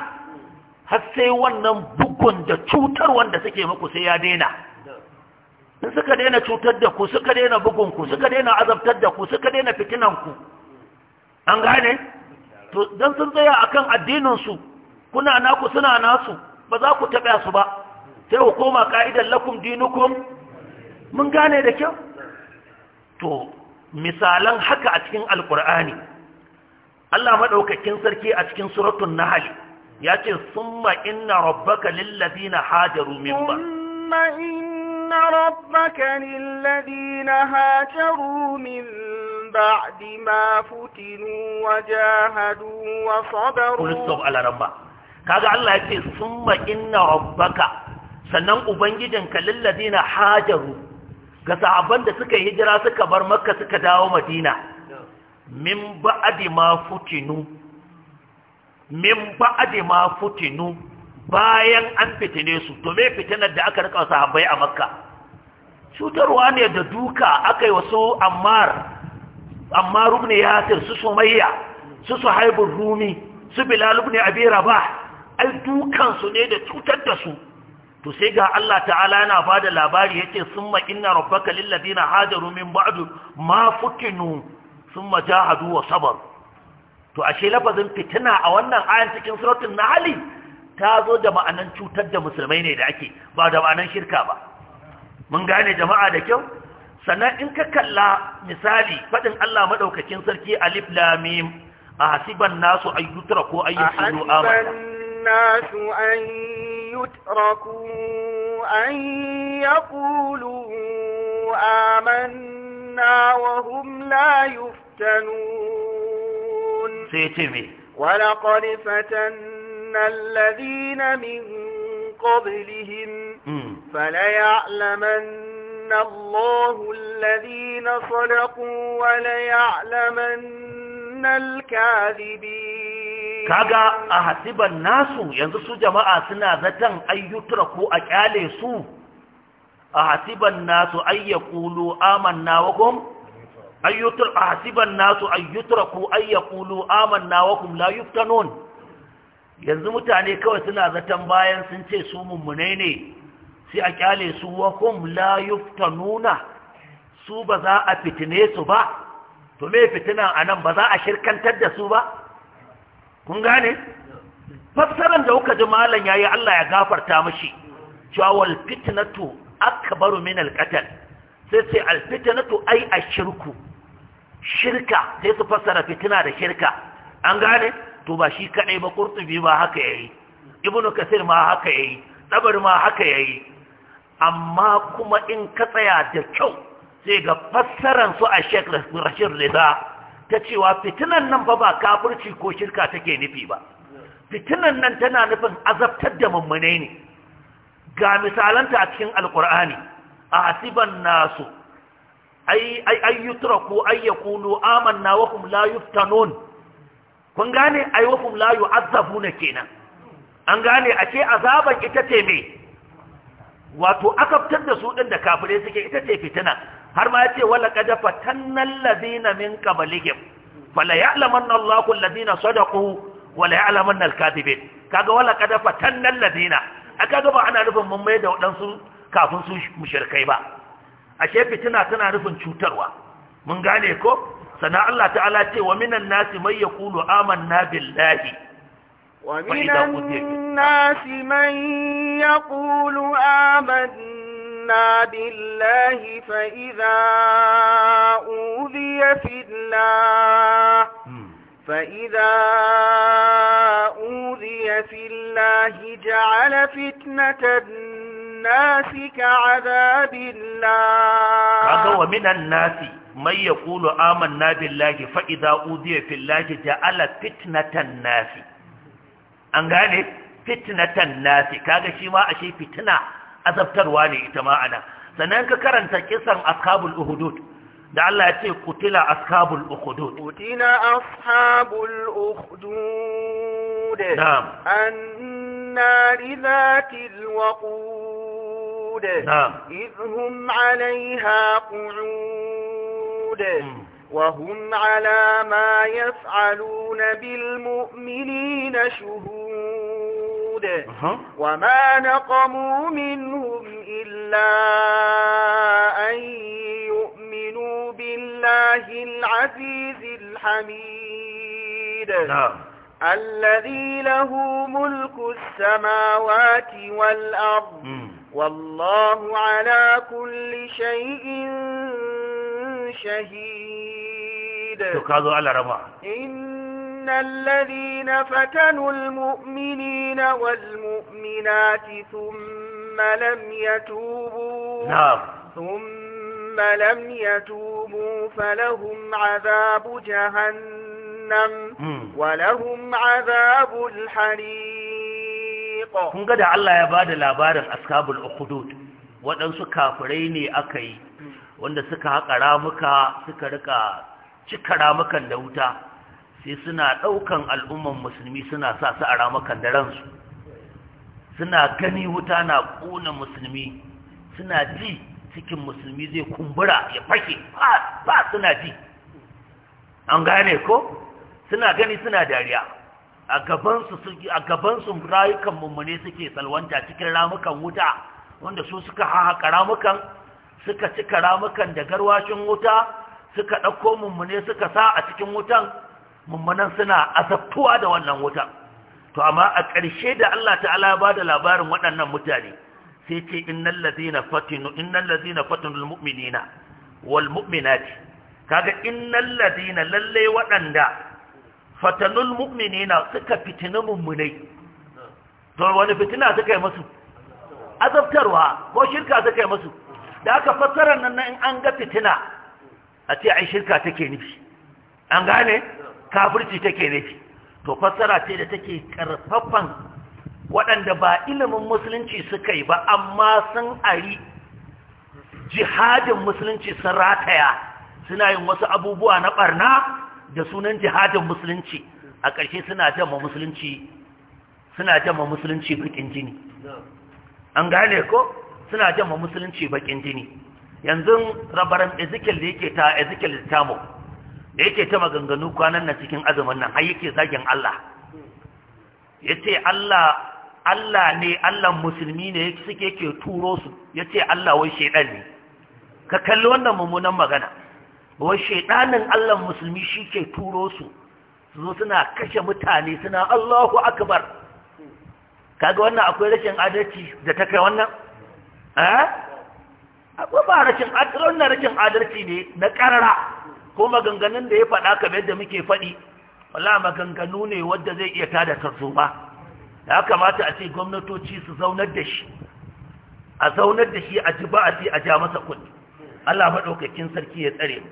[SPEAKER 1] har sai wannan bugun da cutar wanda suke muku sai ya daina in suka daina cutar da ku suka daina bugun ku suka daina azabtar da ku suka daina fitinan ku an gane to dan sun tsaya akan addinin su kuna naku suna nasu ba za ku taɓa su ba sai ku koma ka'idan lakum dinukum mun gane da kyau to misalan haka a cikin alkur'ani Allah maɗaukakin sarki a cikin suratun nahal ya ce summa inna rabbaka lillazina hajaru min ba
[SPEAKER 2] summa inna rabbaka lillazina hajaru min بعد ما فتنوا وجاهدوا وصبروا قل الصبع
[SPEAKER 1] على ربك كاغا الله يقول ثم إن ربك سنن أبنجدن كالذين حاجروا ga sahabban da suka hijira suka bar makka suka dawo madina min ba'adi ma futinu min ba'adi ma futinu bayan an fitine su to me fitinar da aka rika sahabbai a makka cutarwa ne da duka aka yi wasu ammar ammar ibn yasir su sumayya su suhaibur rumi su bilal ibn abi rabah ai dukan su ne da cutar da su to sai ga Allah ta'ala yana ba da labari ya ce sun ma'ina rabbaka lillazina hajaru min ba'du ma futinu sun jahadu wa sabar to ashe lafazin fitina a wannan ayan cikin suratun hali! ta zo da ma'anan cutar da musulmai ne da ake ba da ma'anan shirka ba mun gane jama'a da kyau sannan in ka kalla misali faɗin Allah Maɗaukakin sarki alif lam a hasiban nasu ayyutraku ko amana ahsiban
[SPEAKER 2] nasu يتركوا أن يقولوا آمنا وهم لا يفتنون ولقد فتنا الذين من قبلهم فليعلمن الله الذين صدقوا وليعلمن الكاذبين kaga
[SPEAKER 1] a hasiban nasu yanzu su jama'a suna zaton ayyutura ko a kyale su a hasiban nasu ayyakulu amanna wa kum ayyutur a hasiban nasu ayyutura ko ayyakulu amanna wa kum la yuftanun yanzu mutane kawai suna zaton bayan sun ce su mummune ne sai a kyale su wa kum la yuftanuna su ba za a fitine su ba to me fitina anan ba za a shirkantar da su ba kun gane fassaran da kuka ji malam yayi Allah ya gafarta mishi cewa wal fitnatu akbaru min al sai sai al fitnatu ai ashirku shirka sai su fassara fitina da shirka an gane to ba shi kadai ba qurtubi ba haka yayi ibnu kasir ma haka yayi dabar ma haka yayi amma kuma in ka tsaya da kyau sai ga fassaran su a Sheikh rashin Rida ta cewa fitinan nan fa ba kafirci ko shirka take nufi ba fitinan nan tana nufin azabtar da mummunai ne ga misalanta a cikin alkur'ani a hasiban nasu ay ay yutraku ay yaqulu amanna wa hum la yuftanun kun gane ay wa hum la yu'azzabuna kenan an gane A ce azaban ita ce me wato akaftar da su din da kafirai suke ita ce fitina har ma ce, wala qad fatannal ladina min qablihim fala ya'lamanna Allahu alladina sadaqu wala ya'lamanna na kadhibin kaga wala qad fatannal ladina aka ga ba ana nufin mun mai da wadansu kafin su mushrikai ba ashe fitina tana nufin cutarwa mun gane ko sana Allah ta'ala ce wa minan nasi ya kulu, amanna billahi
[SPEAKER 2] wa minan nasi man yaqulu آمنا بالله فإذا أوذي في الله فإذا أوذي في الله جعل فتنة الناس كعذاب الله ومن
[SPEAKER 1] الناس من يقول آمنا بالله فإذا أوذي في الله جعل فتنة الناس أنقالي فتنة الناس nasi kaga أشي فتنة azabtarwa ne ita ma ana sannan ka karanta kisan ashabul uhudud da Allah ya ce kutila ashabul ukhdud
[SPEAKER 2] kutila ashabul ukhdud na'am annar zatil waqud na'am idhum 'alayha qu'ud وهم على ما يفعلون بالمؤمنين شهود هود وما نقموا منهم إلا أن يؤمنوا بالله العزيز الحميد نعم. الذي له ملك السماوات والأرض والله على كل شيء شهيد
[SPEAKER 1] تكاذو على ربا
[SPEAKER 2] إن إن الذين فتنوا المؤمنين والمؤمنات ثم لم يتوبوا نعم ثم لم يتوبوا فلهم عذاب جهنم ولهم عذاب الحريق kun ga da
[SPEAKER 1] Allah ya da labarin ashabul ukhdud waɗansu kafurai ne akayi, mm. wanda suka haƙa ramuka suka rika cika ramukan da wuta sai suna ɗaukan al'umman musulmi suna sa su a ramakan da ransu suna gani wuta na ƙuna musulmi suna ji cikin musulmi zai kumbura ya fashe ba suna ji an gane ko suna gani suna dariya a gabansu rayukan mummune suke salwanta cikin ramukan wuta wanda su suka haƙa ramukan suka cika ramukan da garwashin wuta suka ɗauko mummune suka sa a cikin wutan mummunan suna asabtuwa da wannan wuta to amma a ƙarshe da Allah ta'ala ya bada labarin waɗannan mutane sai ce innal ladina fatinu innal ladina fatinul mu'minina wal mu'minati kaga innal ladina lalle waɗanda fatanul mu'minina suka fitina mummunai to wani fitina suka yi musu azabtarwa ko shirka suka yi musu da aka fassara nan in an ga fitina a ce ai shirka take nufi an gane kafirci take nufi to fassara ce da take karfafan waɗanda ba ilimin musulunci suka yi ba amma sun ari jihadin musulunci sun rataya suna yin wasu abubuwa na barna da sunan jihadin musulunci a ƙarshe suna jama musulunci suna jama musulunci bakin jini an gane ko suna jama musulunci bakin jini yanzu rabaran ezekiel da yake ta ezekiel tamu da yake ta maganganu kwanan na cikin azumin nan har yake zagin Allah yace Allah Allah ne Allah musulmi ne suke yake turo su yace Allah wai shedan ne ka kalli wannan mummunan magana wai shedanin Allah musulmi shi ke turo su su zo suna kashe mutane suna Allahu akbar kaga wannan akwai rashin adalci da ta kai wannan eh akwai ba rashin adalci ne na karara ko maganganun da ya faɗa kamar yadda muke faɗi wala maganganu ne wadda zai iya tada tarzoma ya kamata a ce gwamnatoci su zaunar da shi a zaunar da shi a ji ce a ja masa kuɗi Allah maɗaukakin sarki ya tsare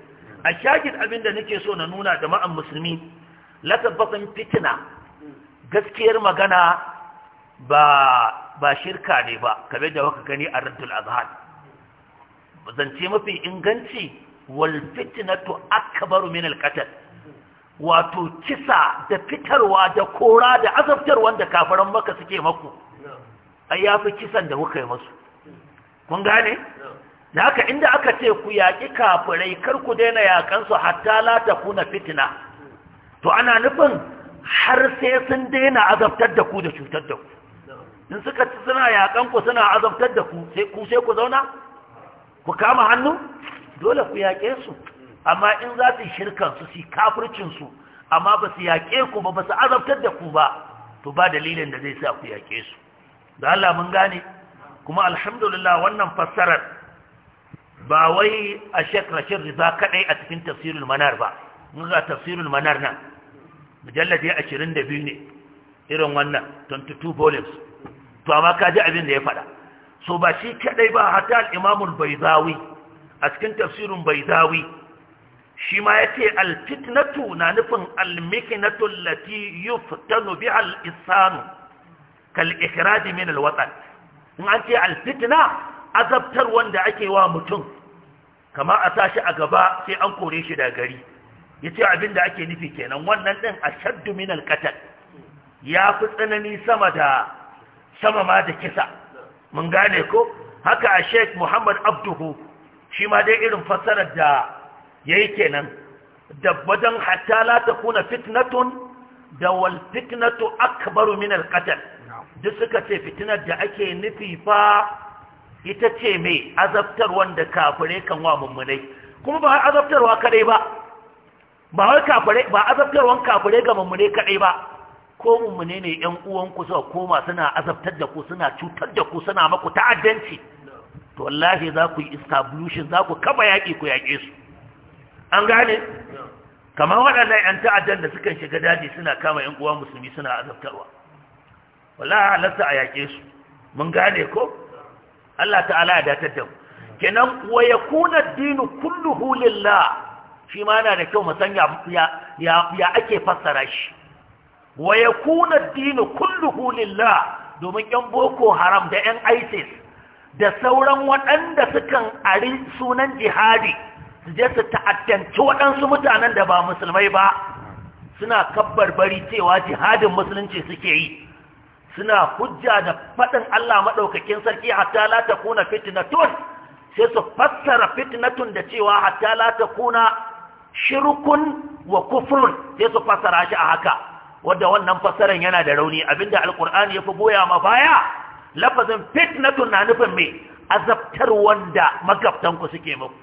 [SPEAKER 1] a shagin abin da nake so na nuna da ma'an musulmi la fitina gaskiyar magana ba ba shirka ne ba kamar da waka gani a raddul azhar zance mafi inganci wal fitnatu akbaru min al qatl wato kisa da fitarwa da kora da azabtar wanda kafaran maka suke maku ai yafi kisan da kuka yi musu kun gane da haka inda aka ce ku yaƙi kafirai kar ku daina yaƙansu hatta la ta kuna fitina to ana nufin har sai sun daina azabtar da ku da cutar da ku in suka ci suna yakan ku suna azabtar da ku sai ku sai ku zauna ku kama hannu dole ku yaƙe su amma in za su shirkan su su kafircin su, amma ba su yaƙe ku ba ba su azabtar da ku ba to ba dalilin da zai sa ku yaƙe su da Allah mun gane kuma alhamdulillah wannan fassarar ba wai a shek rashin riza kaɗai a cikin tafsirul manar ba mun ga tafsirul manar nan da biyu ne irin wannan 22 volumes to amma ka ji abin da ya faɗa so ba shi kaɗai ba hatta al-imamul bayzawi a cikin tafsirin baidawi shi ma ya ce alfitnatu na nufin almikinatu lati yuf bi nubi al'isanu. kal min al in an ce alfitna azabtar wanda ake wa mutum kama a tashi a gaba sai an kore shi da gari yace abinda ake nufi kenan wannan din ashaddu min al ya fi tsanani sama da sama ma da kisa mun gane ko haka a sheik muhammad abduhu shi ma dai irin fassarar da yayi kenan dabbadan hatta la kuna fitnatun da wal fitnatu akbaru min al qatl duk suka ce fitinar da ake nufi fa ita ce mai azabtar wanda kafire kan wa mummunai kuma ba azabtarwa kadai ba ba wai kafire ba azabtarwan kafire ga mummunai kadai ba ko mummune ne yan uwan ku suka koma suna azabtar da ku suna cutar da ku suna maku ta'addanci to wallahi za ku yi establishin za ku kaba yaƙi ku yaƙe su an gane kamar waɗannan 'yan ta'addan da sukan shiga daji suna kama 'yan uwa musulmi suna azabtarwa wallahi halatta a yaƙe su mun gane ko Allah ta'ala ya datar da mu kenan wa yakuna dinu kulluhu lillah shi ma yana da kyau mu san ya ya ya ake fassara shi wa yakuna dinu kulluhu lillah domin yan boko haram da yan ISIS da sauran waɗanda sukan ari sunan jihadi su je su ta'addanci waɗansu mutanen da ba musulmai ba suna kabbar bari cewa jihadin musulunci suke yi suna hujja da faɗin Allah maɗaukakin sarki hatta la kuna fitnatun sai su fassara fitnatun da cewa hatta la kuna shirkun wa kufrun sai su fassara shi a haka wanda wannan fassaran yana da rauni abinda alqur'ani ya fi goya ma baya lafazin fitnatun na nufin mai azabtar wanda magabtanku suke muku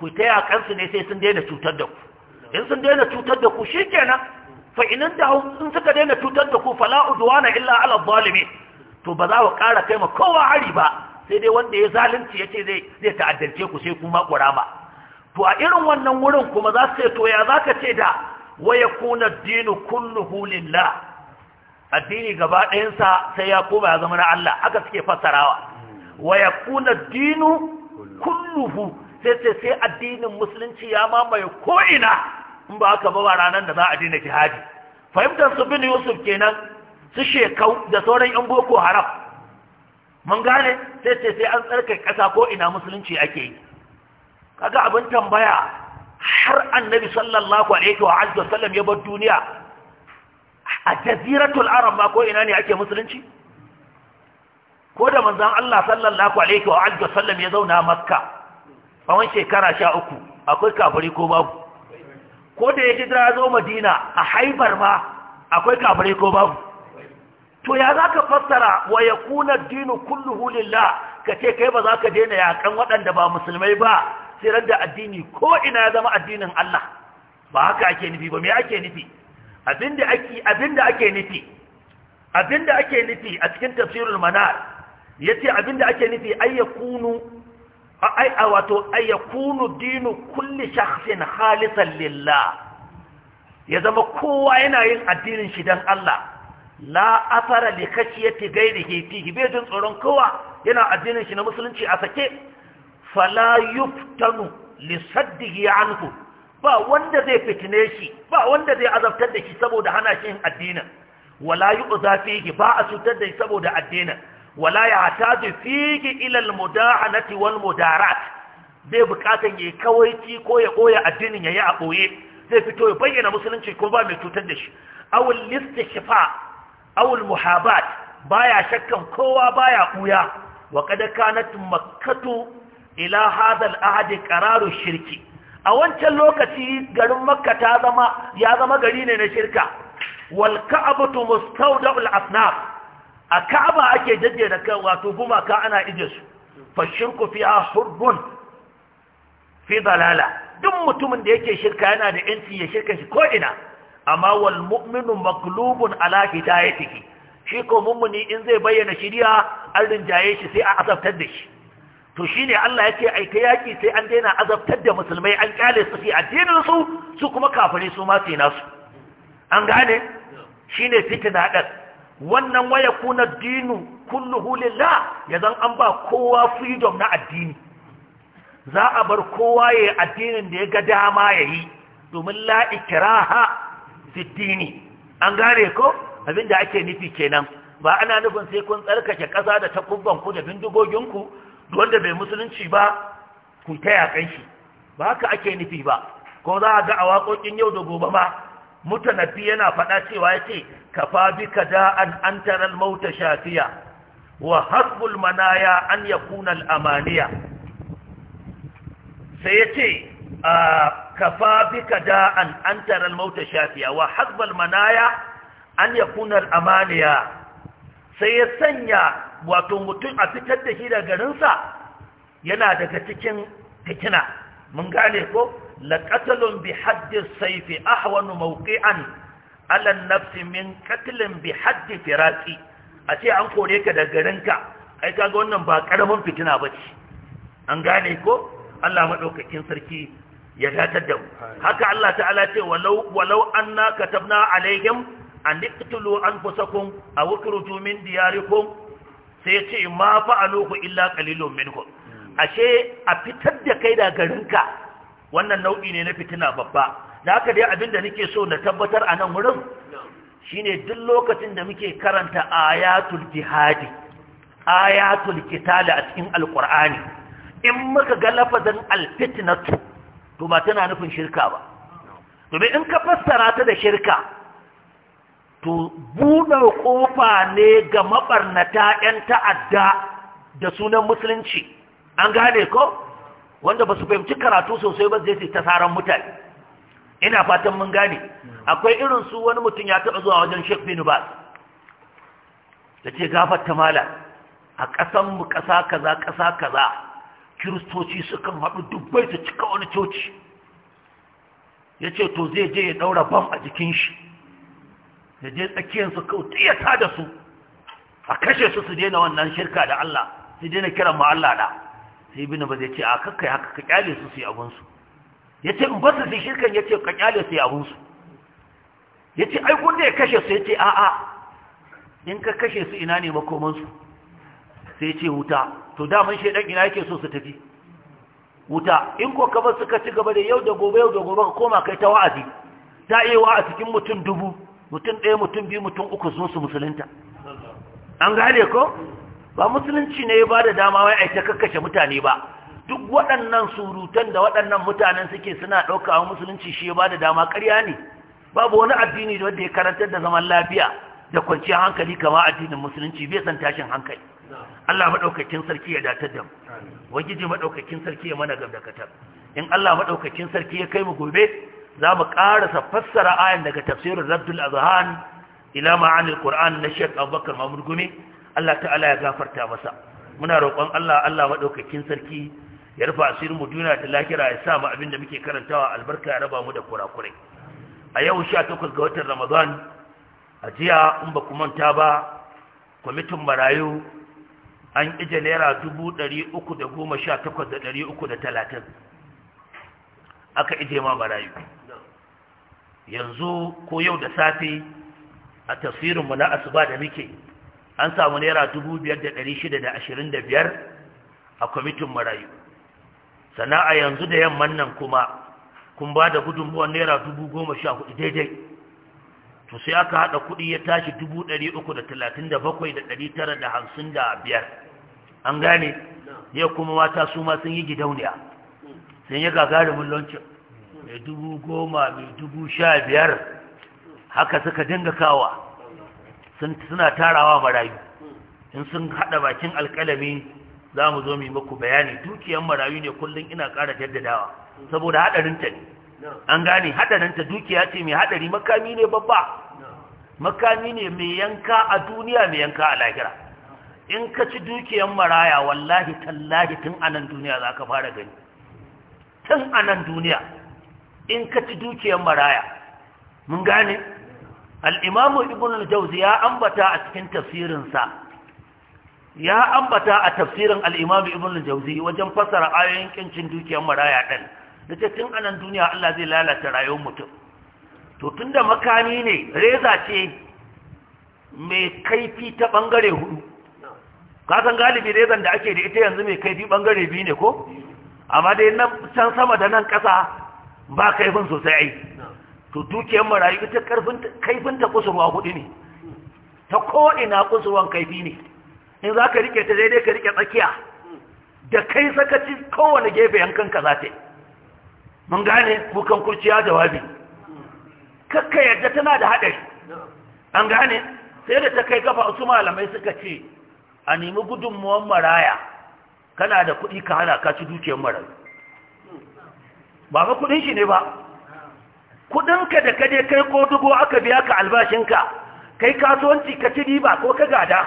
[SPEAKER 1] ku ta yakansu ne sai sun daina cutar da ku in sun daina cutar da ku shi kenan fa inin da in suka daina cutar da ku fala udwana illa ala zalimi to ba za ku ƙara kai ma kowa hari ba sai dai wanda ya zalunci ya ce zai ta'addance ku sai kuma ƙurama to a irin wannan wurin kuma za su ce to ya za ka ce da waya kuna dinu kulluhu lillah addini gaba ɗayansa sai ya koma ya zama na Allah aka suke fassarawa wa ya kuna dinu kulluhu sai sai sai addinin musulunci ya mamaye ko'ina in ba aka ba ranar da za a dina jihadi fahimtar su bin yusuf kenan su shekau da sauran yan boko haram mun gane sai sai sai an kasa ƙasa ko'ina musulunci ake yi kaga abin tambaya har annabi sallallahu alaihi wa sallam ya bar duniya a jaziratul arab ma ko ina ne ake musulunci ko da manzon Allah sallallahu alaihi wa alihi wasallam ya zauna makka tsawon shekara sha uku akwai kafiri ko babu ko da ya hijira zo madina a haifar ma akwai kafiri ko babu to ya za fassara wa ya kuna dinu kulluhu lillah ka ce kai ba za ka daina yakan waɗanda ba musulmai ba sai da addini ko ina ya zama addinin Allah ba haka ake nufi ba me ake nufi abinda ake ake nufi abinda ake nufi a cikin tafsirul manar yace abinda ake nufi ayyakunu ai a wato ayyakunu dinu kulli shakhsin khalisan lillah ya zama kowa yana yin addinin shi dan Allah la afara li khashiyati ghairihi fihi bai jin tsoron kowa yana addinin shi na musulunci a sake fala yuftanu li saddihi anhu ba wanda zai fitine shi ba wanda zai azabtar da shi saboda hana shi yin addinin wala yu'za fihi ba a cutar da shi saboda addinin wala ya yahtaju fihi ila almudahanati wal mudarat bai bukatan yayi kawaici ko ya koya addinin ya yi a boye zai fito ya bayyana musulunci ko ba mai cutar da shi awul listishifa awul muhabat baya shakkan kowa baya buya wa kada kanat makkatu ila hadal ahadi qararu shirki a wancan lokaci garin makka ta zama ya zama gari ne na shirka wal ka'abatu mustawda'ul asnaf a ka'aba ake da kai, wato gumaka ana ije su fa shirku fiha hurrun fi dalala duk mutumin da yake shirka yana da yanci ya shirka shi ko ina amma wal mu'minu maglubun ala hidayatihi shi ko mummuni in zai bayyana shiriya an rinjaye shi sai a asabtar da shi to shine Allah yake aika ai ta yaki sai an daina azabtar da musulmai an kyale su fi addinin su su kuma kafiri su ma sai nasu an gane shine fitina din wannan waya kuna dinu kulluhu lillah yazan an ba kowa freedom na addini za a bar kowa ya addinin da ya ga dama ya yi domin la ikraha fi dini an gane ko abinda ake nufi kenan ba ana nufin sai kun tsarkake ƙasa da takubban ku da bindigoginku wanda bai musulunci ba ku ta yakan shi ba haka ake nufi ba ko za a ga a waƙoƙin yau da gobe ma mutanafi yana faɗa cewa ya ce kafa bi ka da an an taral mauta shafiya wa hasbul manaya an ya kunal amaniya sai ya ce kafa bi ka da an an taral mauta shafiya wa hasbul manaya an ya kunal amaniya sai ya sanya wato mutum a fitar da shi da garinsa yana daga cikin fitina mun gane ko laqatalun bi haddi sayfi ahwanu mawqi'an ala nafsi min qatlin bi haddi firasi a ce an kore ka da garinka ai kaga wannan ba karamin fitina ba ce. an gane ko Allah madaukakin sarki ya gatar da mu haka Allah ta'ala ce walau walau anna katabna alaihim an iqtulu anfusakum aw ukhruju min diyarikum sai ya ce ma fa'aluhu illa qalilun minhum ashe a fitar da kai da garinka wannan nau'i ne na fitina babba da haka dai abin da nake so na tabbatar a nan wurin shine duk lokacin da muke karanta ayatul jihadi ayatul kitala a cikin alqur'ani in muka ga lafazin alfitnatu to ba tana nufin shirka ba domin in ka fassara ta da shirka to buɗe ƙofa ne ga maɓarnata 'yan ta'adda da sunan musulunci an gane ko wanda ba su fahimci karatu sosai ba zai ta tsaron mutane ina fatan mun gane akwai irin su wani mutum ya taɓa zuwa wajen shek bin ba. da ce gafarta mala a ƙasanmu ƙasa kaza ƙasa kaza kiristoci sukan haɗu dubbai su cika wani coci ya ce to zai je ya ɗaura bam a jikin shi da je tsakiyarsu kawai ya ta da su a kashe su su daina wannan shirka da Allah su daina kiran ma Allah da sai ibnu ba zai ce a kakkai haka ka kyale su su yi abun su ce in ba su shirkan shirkan ce ka kyale su yi abun su ce ai kun da ya kashe su Ya a a in ka kashe su ina ne makoman su sai ce wuta to da mun shedan ina yake so su tafi wuta in ko ka ba suka ci gaba da yau da gobe yau da gobe ka koma kai ta wa'azi ta yi wa a cikin mutum dubu mutum ɗaya mutum biyu mutum uku sun su musulunta an gane ko ba musulunci ne ya ba da dama wai ai ta kakkashe mutane ba duk waɗannan surutan da waɗannan mutanen suke suna ɗauka musulunci shi ya ba da dama ƙarya ne babu wani addini wanda ya karantar da zaman lafiya da kwanciyar hankali kama addinin musulunci bai san tashin hankali Allah maɗaukakin sarki ya datar da mu wajiji maɗaukakin sarki ya mana gamdakatar in Allah maɗaukakin sarki ya kai mu gobe za mu ƙarasa fassara ayan daga tafsirin rabdul azhan ila ma'anil qur'an na shek abubakar mamur gumi allah ta'ala ya gafarta masa muna roƙon allah allah maɗaukakin sarki ya rufa asirin mu duniya da lahira ya sa mu abin da muke karantawa albarka ya raba mu da kurakurai a yau sha takwas ga watan ramadan a jiya in ba ku manta ba kwamitin marayu an ije naira dubu ɗari uku da goma sha takwas da ɗari uku da talatin aka ije ma marayu yanzu ko yau da safe a tafsirinmu na asuba da muke an samu naira biyar a kwamitin marayu Sana'a yanzu da yamman nan kuma kun ba da gudunmuwan naira hudu daidai to sai aka haɗa kuɗi ya tashi biyar. an gane ya kuma mata su ma sun yi gidauniya sun yi gagarumin launcin mai dubu goma mai dubu sha biyar haka suka dinga kawa suna tarawa marayu in sun haɗa bakin alƙalami za mu zo mai maku bayani dukiyan marayu ne kullum ina ƙara jaddadawa saboda haɗarinta ne an gane haɗarinta dukiya ce mai haɗari makami ne babba makami ne mai yanka a duniya mai yanka a lahira in ka ci dukiyan maraya wallahi tallahi tun anan duniya za ka fara gani tun anan duniya in ka ci dukiyar maraya mun gane al'imamu ibn al jawzi ya ambata a cikin tafsirinsa ya ambata a tafsirin al'imamu ibn al jawzi wajen fasara ayoyin ƙincin dukiyar maraya ɗan. da ce tun anan duniya Allah zai lalata rayuwar mutum to tun da makami ne reza ce mai kaifi ta ɓangare hudu kasan galibi rezan da ake da ita yanzu mai kaifi ɓangare biyu ne ko amma dai nan can sama da nan ƙasa ba kaifin sosai ai to dukiyar marayu ita kaifin ta kusurwa hudu ne ta ko'ina kusurwan kaifi ne in za ka rike ta daidai ka rike tsakiya da kai sakaci kowane gefe ka za ta yi mun gane kukan kurciya jawabi kakka yadda tana da haɗari an gane sai da ta kai kafa su malamai suka ce a nemi gudunmuwan maraya kana da kuɗi ka hana ka ci dukiyar marayu ba ga kudin shi ne ba kudinka da kaje kai ko dubo aka biya ka albashinka kai kasuwanci ka ci riba ko ka gada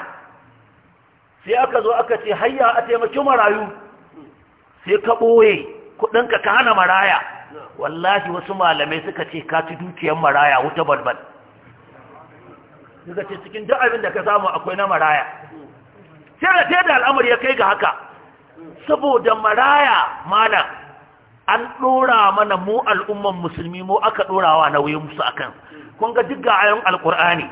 [SPEAKER 1] sai aka zo aka ce hayya a taimaki marayu sai ka ɓoye kudinka ka hana maraya wallahi wasu malamai suka ce ka ci dukiyar maraya wuta balbal suka ce cikin duk abin da ka samu akwai na maraya sai da al'amari ya kai ga haka saboda maraya malam an ɗora mana mu al'umman musulmi mu aka ɗorawa nauyin musu akan kun ga duk ayon alkur'ani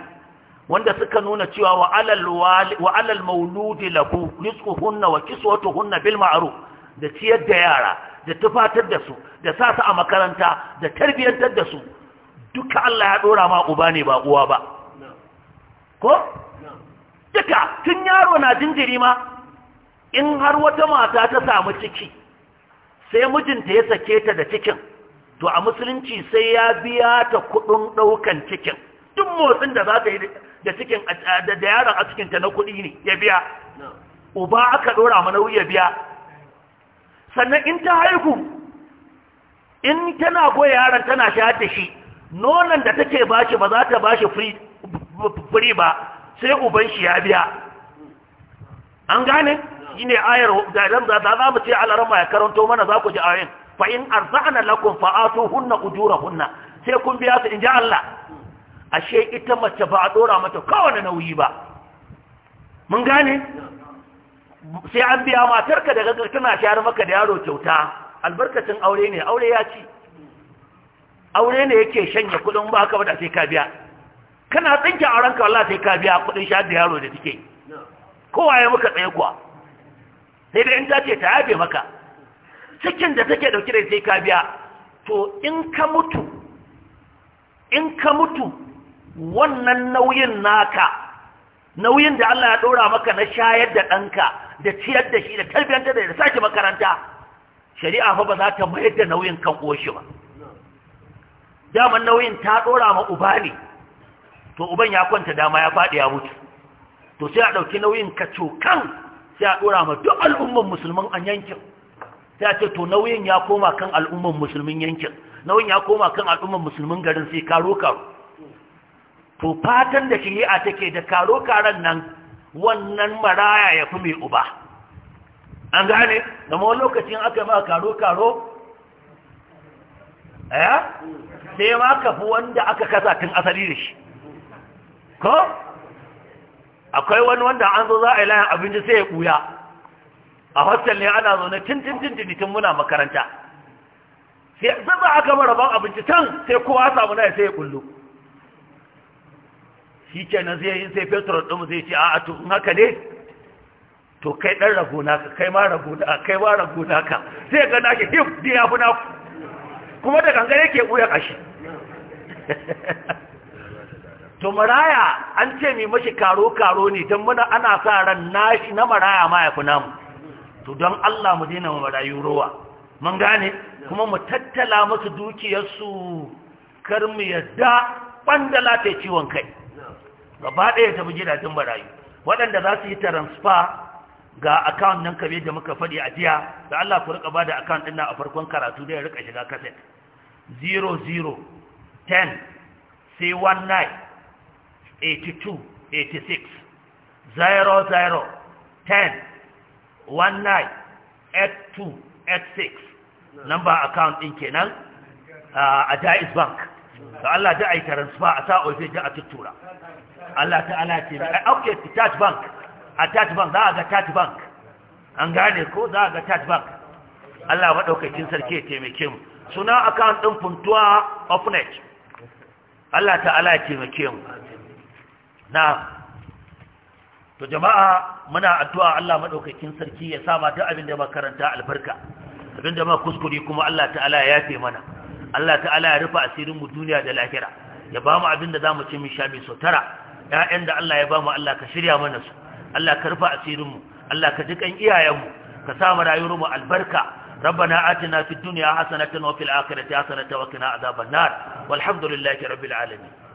[SPEAKER 1] wanda suka nuna cewa wa alal mauludi lahu rizquhunna wa kiswatuhunna bil ma'ruf da ciyar da yara da tufatar da su da sa a makaranta da tarbiyyantar da su duka Allah ya ɗora ma uba ne ba uwa ba ko duka tun yaro na jinjiri ma in har wata mata ta samu ciki sai mijinta ya sake ta da cikin to a musulunci sai ya biya ta kudin daukan cikin duk motsin da za ta yi da cikin da yaron a cikinta na kudi ne ya biya uba aka dora nauyi ya biya sannan in ta haihu in tana goya yaron tana shayar da shi nonon da take bashi ba za ta bashi free ba sai uban shi ya biya an gane shine ayar da idan za ta mu ce alarma ya karanto mana za ku ji ayin fa in arza'na lakum fa atuhunna ujurahunna sai kun biya su inji Allah ashe ita mace ba a dora mata kowane nauyi ba mun gane sai an biya matarka daga tana shayar maka da yaro kyauta albarkacin aure ne aure ya ci aure ne yake shanye kudin ba ka bada sai ka biya kana tsinke aurenka wallahi sai ka biya kudin shayar da yaro da take kowa ya muka tsaye kuwa sai da in ta ce ta yabe maka cikin da take dauke da sai ka biya to in ka mutu in ka mutu wannan nauyin naka nauyin da Allah ya dora maka na shayar da ɗanka da ciyar da shi da tarbiyyantar da sake makaranta shari'a fa ba za ta mayar da nauyin kan koshi ba daman nauyin ta dora ma uba ne to uban ya kwanta dama ya faɗi ya mutu to sai a ɗauki nauyin ka cokan sai a dora ma duk al'umman musulman a yankin sai a ce to nauyin ya koma kan al'umman musulmin yankin nauyin ya koma kan al'umman musulmin garin sai karo karo to fatan da a take da karo karan nan wannan maraya ya fi mai uba an gane da ma lokacin aka ma karo karo eh sai ma ka fi wanda aka kasa tun asali da shi ko akwai wani wanda an zo za a yi layin abinci sai ya ɓuya a hostel ne ana zaune tintin tintin tun muna makaranta sai za a gama rabon abinci can sai kowa samu na ya sai ya ƙullu shi nan zai yi sai petrol ɗin zai ce a'a to in haka ne to kai ɗan ragona ka kai ma ragona kai ma ragona ka sai ga na ke hip ya fi na kuma da gangare ke ɓuya ƙashi to maraya an ce mai mashi karo-karo ne don muna ana sa ran nashi na maraya ma ya fi namu to don Allah mu dina marayu rowa mun gane kuma mu tattala masu dukiyarsu kar mu yadda ɓandala ta ciwon kai gaba ɗaya tafi gidajen marayu waɗanda za su yi taransfa ga account nan kabe da muka faɗi a jiya da Allah ku rika ba da account ɗin a farkon karatu da ya rika shiga kaset 0010 sai 19 zero ten, 0 0 10 19 eight six, number account din kenan uh, a Jais Bank to Allah da ai transfer a sa zai ji a tuttura Allah ta'ala ce okay touch bank a touch bank za a ga touch bank an gane ko za a ga touch bank Allah maɗaukakin sarki ya taimake mu suna account ɗin Funtuwa of net Allah ta'ala ya taimake mu na to jama'a muna addu'a Allah madaukakin sarki ya sa mata abin da makaranta albarka abin da muka kuskure kuma Allah ta'ala ya yafe mana Allah ta'ala ya rufa asirin mu duniya da lahira ya bamu abin da zamu ci mu sha mai sotara ƴaƴan da Allah ya bamu Allah ka shirya mana su Allah ka rufa asirin mu Allah ka jikan iyayen mu ka sa mu rayuwar mu albarka ربنا آتنا في الدنيا حسنة وفي الآخرة حسنة وقنا عذاب النار والحمد لله رب العالمين